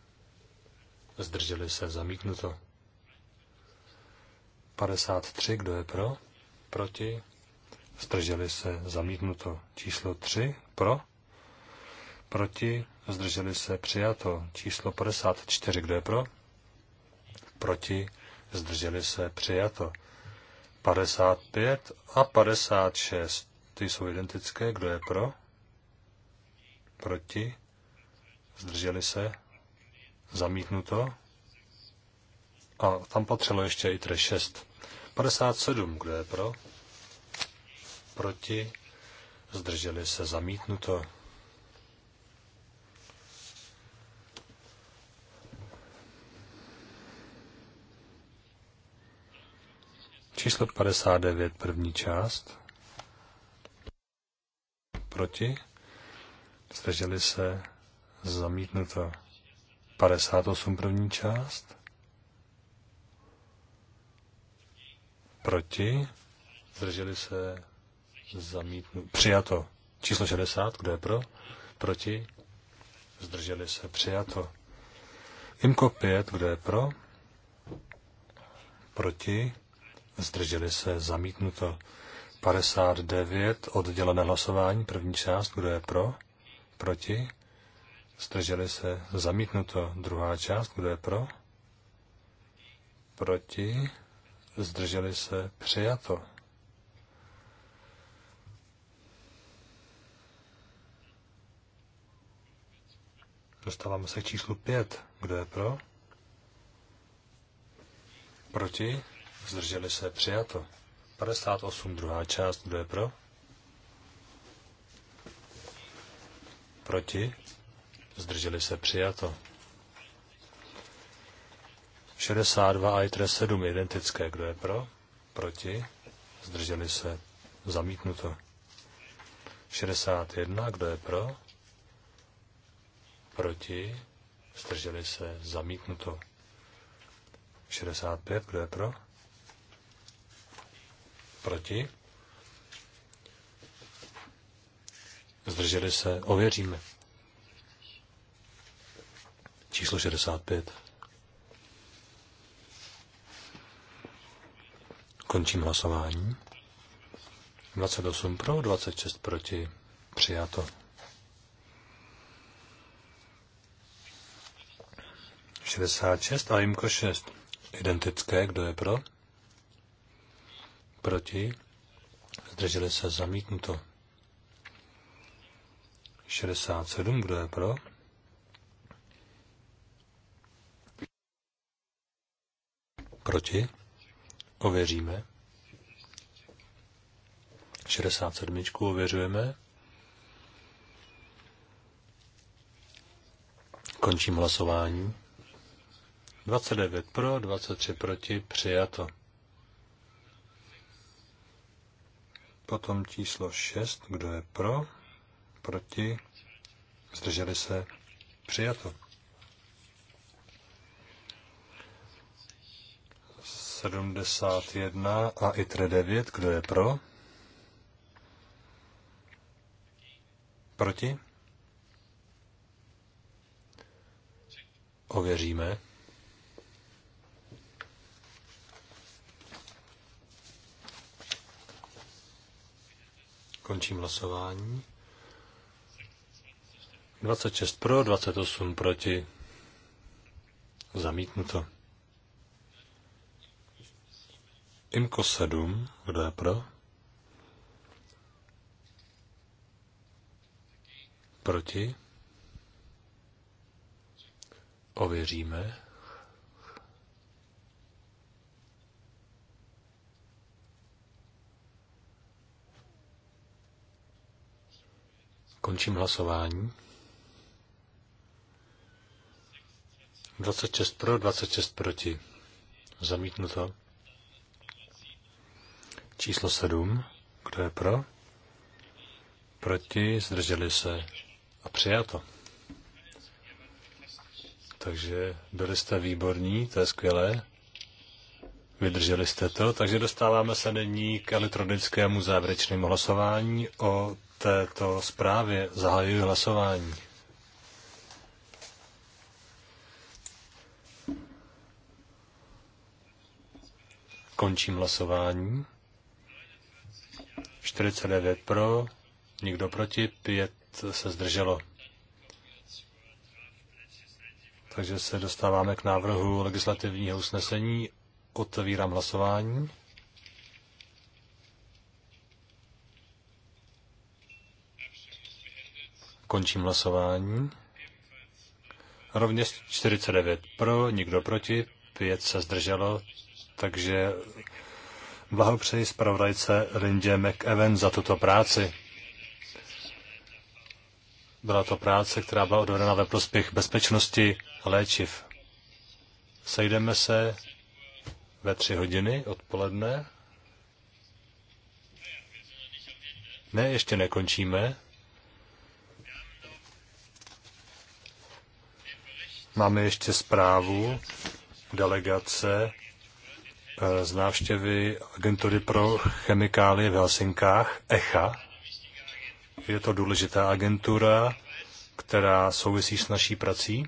Zdrželi se. Zamítnuto. 53. Kdo je pro? Proti? Zdrželi se. Zamítnuto. Číslo 3. Pro? Proti? Zdrželi se. Přijato. Číslo 54. Kdo je pro? Proti? Zdrželi se. Přijato. 55 a 56. Ty jsou identické. Kdo je pro? Proti? zdrželi se, zamítnuto. A tam patřilo ještě i 3 6. 57, kdo je pro, proti, zdrželi se, zamítnuto. Číslo 59, první část. Proti. Zdrželi se zamítnuto 58 první část, proti, zdrželi se zamítnuto, přijato číslo 60, kdo je pro, proti, zdrželi se přijato. Imko 5, kdo je pro, proti, zdrželi se zamítnuto. 59, oddělené hlasování, první část, kdo je pro, proti, Zdrželi se zamítnuto. Druhá část, kdo je pro? Proti? Zdrželi se přijato. Dostáváme se k číslu 5. Kdo je pro? Proti? Zdrželi se přijato. 58. Druhá část. Kdo je pro? Proti? zdrželi se přijato. 62 a ITRE 7 identické. Kdo je pro? Proti? Zdrželi se. Zamítnuto. 61. Kdo je pro? Proti? Zdrželi se. Zamítnuto. 65. Kdo je pro? Proti? Zdrželi se. Ověříme číslo 65. Končím hlasování. 28 pro, 26 proti. Přijato. a jimko 6. Identické, kdo je pro? Proti. Zdrželi se zamítnuto. 67, kdo je pro? Proti? Ověříme. 67. ověřujeme. Končím hlasování. 29 pro, 23 proti, přijato. Potom číslo 6, kdo je pro, proti, zdrželi se, přijato. 71 a ITRE 9. Kdo je pro? Proti? Ověříme. Končím hlasování. 26 pro, 28 proti. Zamítnuto. IMKO 7, kdo je pro? Proti? Ověříme. Končím hlasování. 26 pro, 26 proti. Zamítnuto. Číslo 7. Kdo je pro? Proti, zdrželi se a přijato. Takže byli jste výborní, to je skvělé. Vydrželi jste to, takže dostáváme se nyní k elektronickému závěrečnému hlasování o této zprávě. Zahajuji hlasování. Končím hlasování. 49 pro, nikdo proti, 5 se zdrželo. Takže se dostáváme k návrhu legislativního usnesení. Otevírám hlasování. Končím hlasování. Rovněž 49 pro, nikdo proti, 5 se zdrželo, takže Blahopřeji zpravodajce Lindě McEwen za tuto práci. Byla to práce, která byla odvedena ve prospěch bezpečnosti léčiv. Sejdeme se ve tři hodiny odpoledne. Ne, ještě nekončíme. Máme ještě zprávu delegace Eh, z návštěvy agentury pro chemikálie v Helsinkách, ECHA. Je to důležitá agentura, která souvisí s naší prací.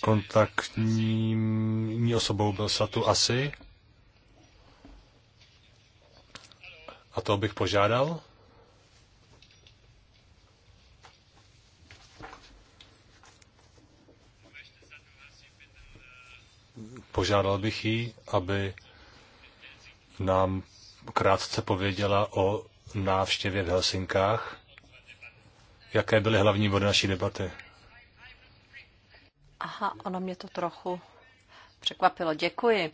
Kontaktní osobou byl Satu Asi. A to bych požádal. Požádal bych ji, aby nám krátce pověděla o návštěvě v Helsinkách. Jaké byly hlavní body naší debaty?
Aha, ono mě to trochu překvapilo. Děkuji.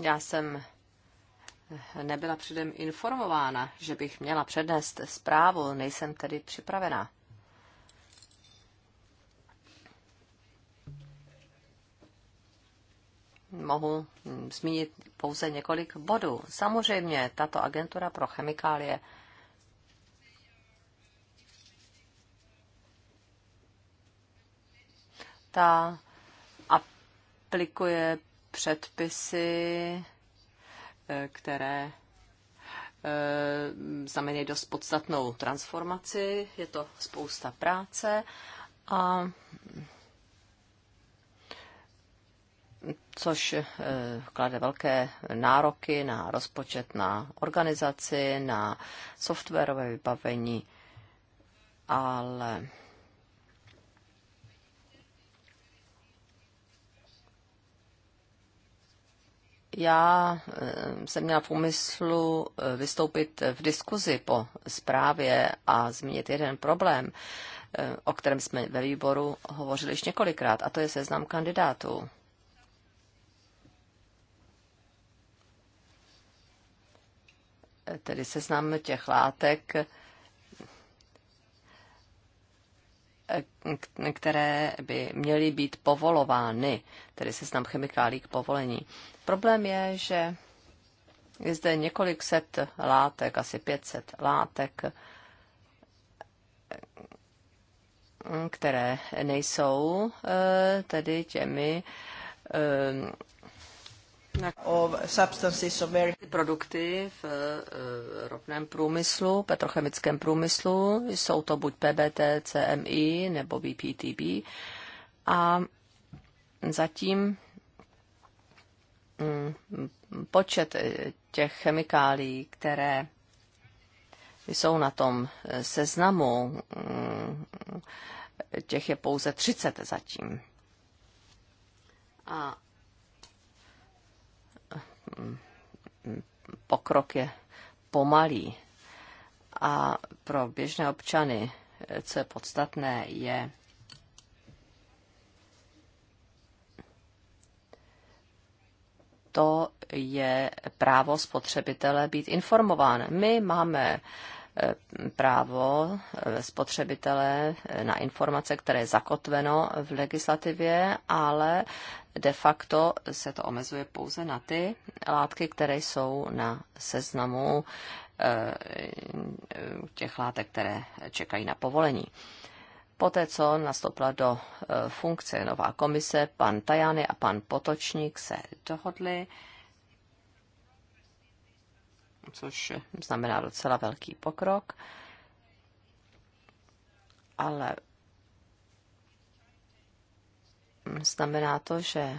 Já jsem nebyla předem informována, že bych měla přednést zprávu, nejsem tedy připravená. mohu hm, zmínit pouze několik bodů. Samozřejmě tato agentura pro chemikálie ta aplikuje předpisy, eh, které eh, znamenají dost podstatnou transformaci. Je to spousta práce a což eh, klade velké nároky na rozpočet, na organizaci, na softwarové vybavení, ale já eh, jsem měla v úmyslu eh, vystoupit v diskuzi po zprávě a zmínit jeden problém, o kterém jsme ve výboru hovořili již několikrát, a to je seznam kandidátů. tedy seznam těch látek, které by měly být povolovány, tedy seznam chemikálí k povolení. Problém je, že je zde několik set látek, asi 500 látek, které nejsou eh, tedy těmi eh, Produkty v e, ropném průmyslu, petrochemickém průmyslu, jsou to buď PBT, CMI nebo BPTB. A zatím mm, počet e, těch chemikálií, které jsou na tom e, seznamu, mm, těch je pouze 30 zatím. A pokrok je pomalý. A pro běžné občany, co je podstatné, je to je právo spotřebitele být informován. My máme eh, právo eh, spotřebitele na informace, které je zakotveno v legislativě, ale de facto se to omezuje pouze na ty látky, které jsou na seznamu eh, těch látek, které čekají na povolení. Poté, co nastoupila do eh, funkce nová komise, pan Tajany a pan Potočník se dohodli, což znamená docela velký pokrok, ale znamená to, že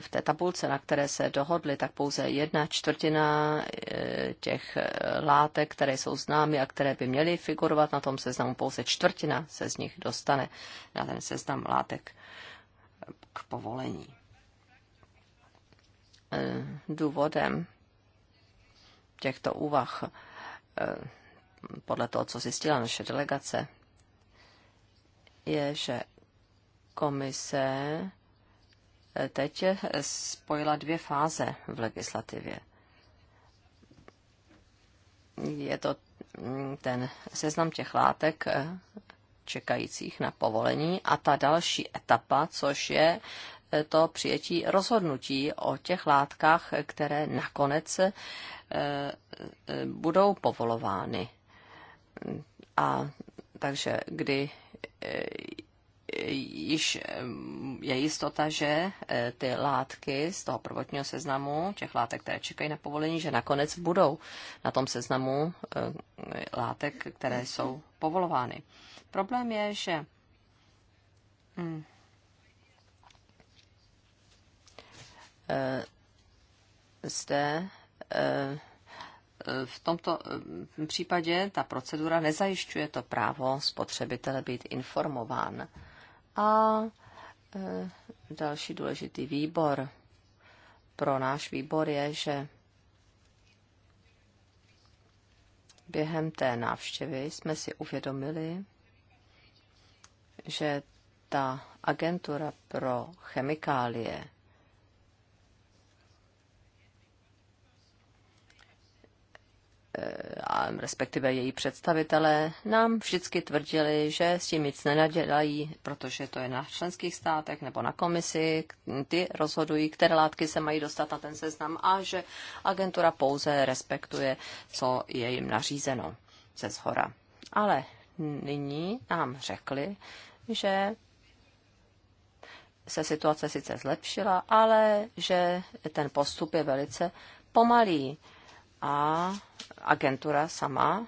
v té tabulce, na které se dohodli, tak pouze jedna čtvrtina eh, těch eh, látek, které jsou známy a které by měly figurovat na tom seznamu, pouze čtvrtina se z nich dostane na ten seznam látek k povolení. Eh, důvodem těchto úvah, podle toho, co zjistila naše delegace, je, že komise eh, teď eh, spojila dvě fáze v legislativě. Je to mm, ten seznam těch látek eh, čekajících na povolení a ta další etapa, což je to přijetí rozhodnutí o těch látkách, které nakonec budou povolovány. A takže kdy již eh, je jistota, že eh, ty látky z toho prvotního seznamu, těch látek, které čekají na povolení, že nakonec budou na tom seznamu eh, látek, které jsou povolovány. Problém je, že hm, zde v tomto hm, případě ta procedura nezajišťuje to právo spotřebitele být informován a e, další důležitý výbor pro náš výbor je, že během té návštěvy jsme si uvědomili, že ta agentura pro chemikálie a respektive její představitelé, nám vždycky tvrdili, že s tím nic nenadělají, protože to je na členských státech nebo na komisi, ty rozhodují, které látky se mají dostat na ten seznam a že agentura pouze respektuje, co je jim nařízeno ze zhora. Ale nyní nám řekli, že se situace sice zlepšila, ale že ten postup je velice pomalý a agentura sama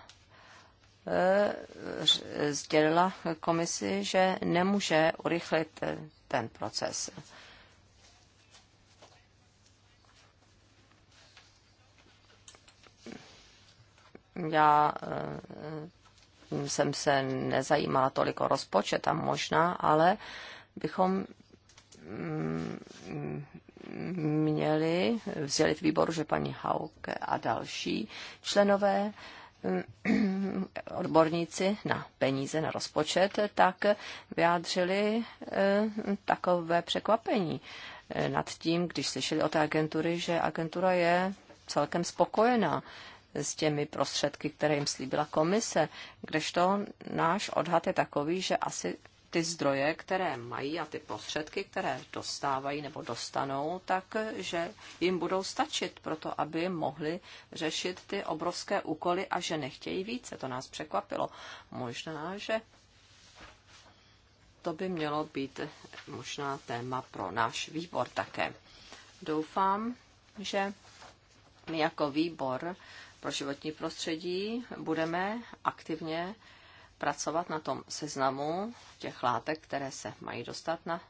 e, sdělila komisi, že nemůže urychlit ten proces. Já e, jsem se nezajímala tolik o rozpočet a možná, ale bychom mm, měli vzdělit výboru, že paní Hauke a další členové mm, odborníci na peníze, na rozpočet, tak vyjádřili mm, takové překvapení nad tím, když slyšeli o té agentury, že agentura je celkem spokojená s těmi prostředky, které jim slíbila komise, kdežto náš odhad je takový, že asi ty zdroje, které mají a ty prostředky, které dostávají nebo dostanou, tak že jim budou stačit pro to, aby mohli řešit ty obrovské úkoly a že nechtějí více. To nás překvapilo. Možná, že to by mělo být možná téma pro náš výbor také. Doufám, že my jako výbor pro životní prostředí budeme aktivně pracovat na tom seznamu těch látek, které se mají dostat na,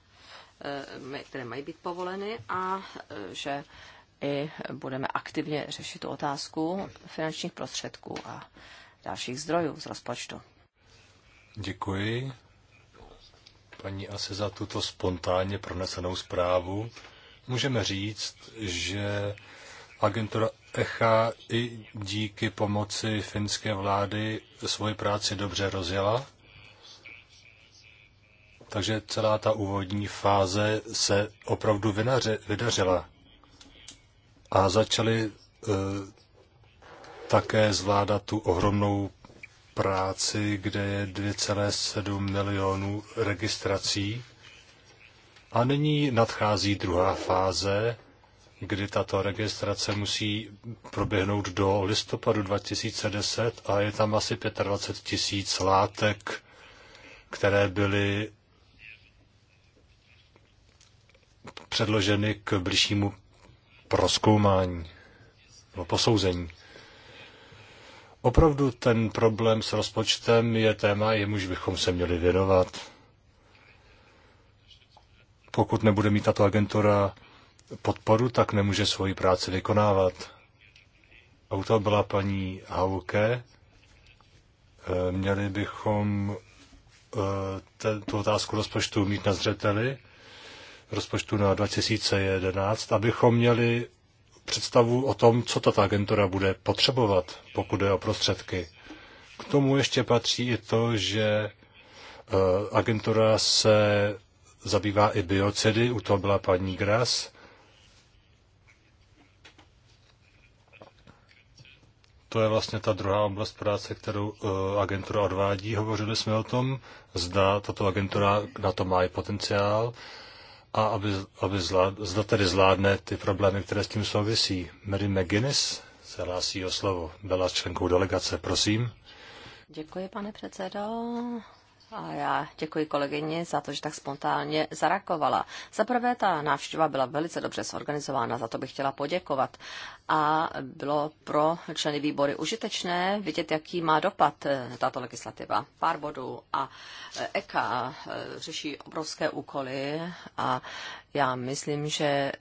eh, které mají být povoleny a eh, že i budeme aktivně řešit tu otázku finančních prostředků a dalších zdrojů z rozpočtu.
Děkuji paní Asi za tuto spontánně pronesenou zprávu. Můžeme říct, že Agentura ECHA i díky pomoci finské vlády svoji práci dobře rozjela. Takže celá ta úvodní fáze se opravdu vynaře, vydařila. A začali e, také zvládat tu ohromnou práci, kde je 2,7 milionů registrací. A nyní nadchází druhá fáze, kdy tato registrace musí proběhnout do listopadu 2010 a je tam asi 25 tisíc látek, které byly předloženy k blížšímu proskoumání nebo posouzení. Opravdu ten problém s rozpočtem je téma, jemuž bychom se měli věnovat. Pokud nebude mít tato agentura podporu, tak nemůže svoji práci vykonávat. Auto byla paní Hauke. E, měli bychom e, tu otázku rozpočtu mít na zřeteli, rozpočtu na 2011, abychom měli představu o tom, co tato agentura bude potřebovat, pokud je o prostředky. K tomu ještě patří i to, že e, agentura se zabývá i biocidy, u toho byla paní Gras. to je vlastně ta druhá oblast práce, kterou eh, agentura odvádí. Hovořili jsme o tom, zda tato agentura na to má i potenciál a aby, aby zlád, zda tedy zvládne ty problémy, které s tím souvisí. Mary McGuinness se hlásí o slovo. Byla členkou delegace, prosím.
Děkuji, pane předsedo. A já děkuji kolegyně za to, že tak spontánně zareagovala. Za prvé, ta návštěva byla velice dobře zorganizována, za to bych chtěla poděkovat. A bylo pro členy výbory užitečné vidět, jaký má dopad eh, tato legislativa. Pár bodů a EKA eh, e eh, řeší obrovské úkoly a já myslím, že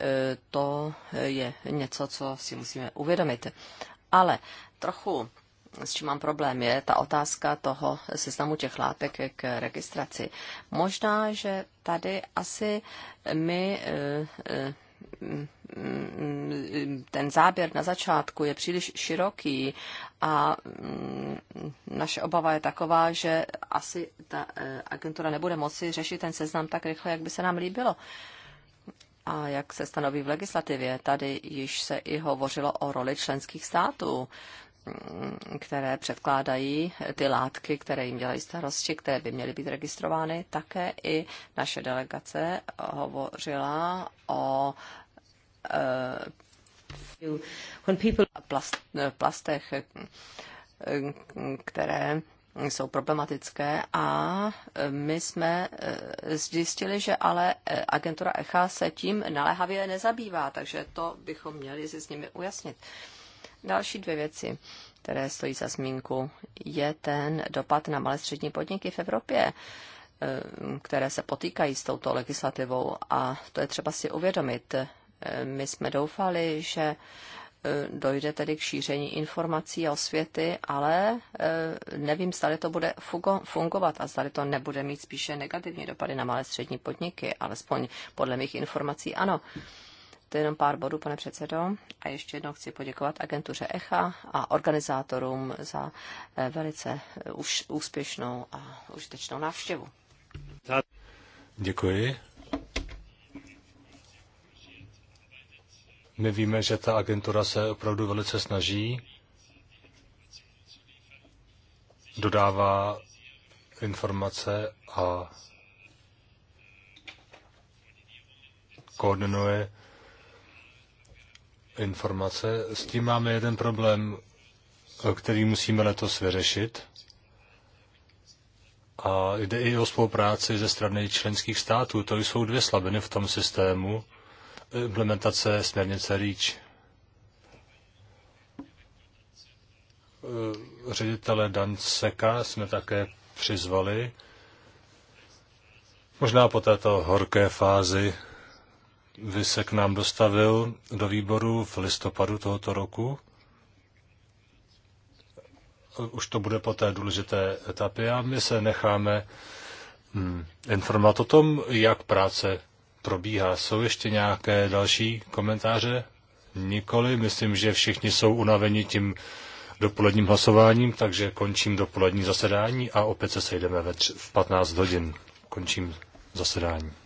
to je něco, co si musíme uvědomit. Ale trochu s čím mám problém, je ta otázka toho seznamu těch látek k registraci. Možná, že tady asi my eh, eh, ten záběr na začátku je příliš široký a mm, naše obava je taková, že asi ta eh, agentura nebude moci řešit ten seznam tak rychle, jak by se nám líbilo. A jak se stanoví v legislativě, tady již se i hovořilo o roli členských států které předkládají ty látky, které jim dělají starosti, které by měly být registrovány. Také i naše delegace hovořila o eh, plastech, které jsou problematické a my jsme eh, zjistili, že ale eh, agentura ECHA se tím naléhavě nezabývá, takže to bychom měli si s nimi ujasnit. Další dvě věci, které stojí za zmínku, je ten dopad na malé střední podniky v Evropě eh, které se potýkají s touto legislativou a to je třeba si uvědomit. Eh, my jsme doufali, že eh, dojde tedy k šíření informací a osvěty, ale nevím, zda to bude fungovat a zda to nebude mít spíše negativní dopady na malé střední podniky, alespoň podle mých informací ano. To je jenom pár bodů, pane předsedo. A ještě jednou chci poděkovat agentuře ECHA a organizátorům za eh, velice eh, už úspěšnou a užitečnou návštěvu.
Děkuji. My víme, že ta agentura se opravdu velice snaží, dodává informace a koordinuje informace. S tím máme jeden problém, který musíme letos vyřešit. A jde i o spolupráci ze strany členských států. To jsou dvě slabiny v tom systému implementace směrnice REACH. Ředitele Danceka jsme také přizvali. Možná po této horké fázi vy se k nám dostavil do výboru v listopadu tohoto roku. Už to bude po té důležité etapě a my se necháme hmm, informovat o tom, jak práce probíhá. Jsou ještě nějaké další komentáře? Nikoli. Myslím, že všichni jsou unaveni tím dopoledním hlasováním, takže končím dopolední zasedání a opět se sejdeme ve tři, v 15 hodin. Končím zasedání.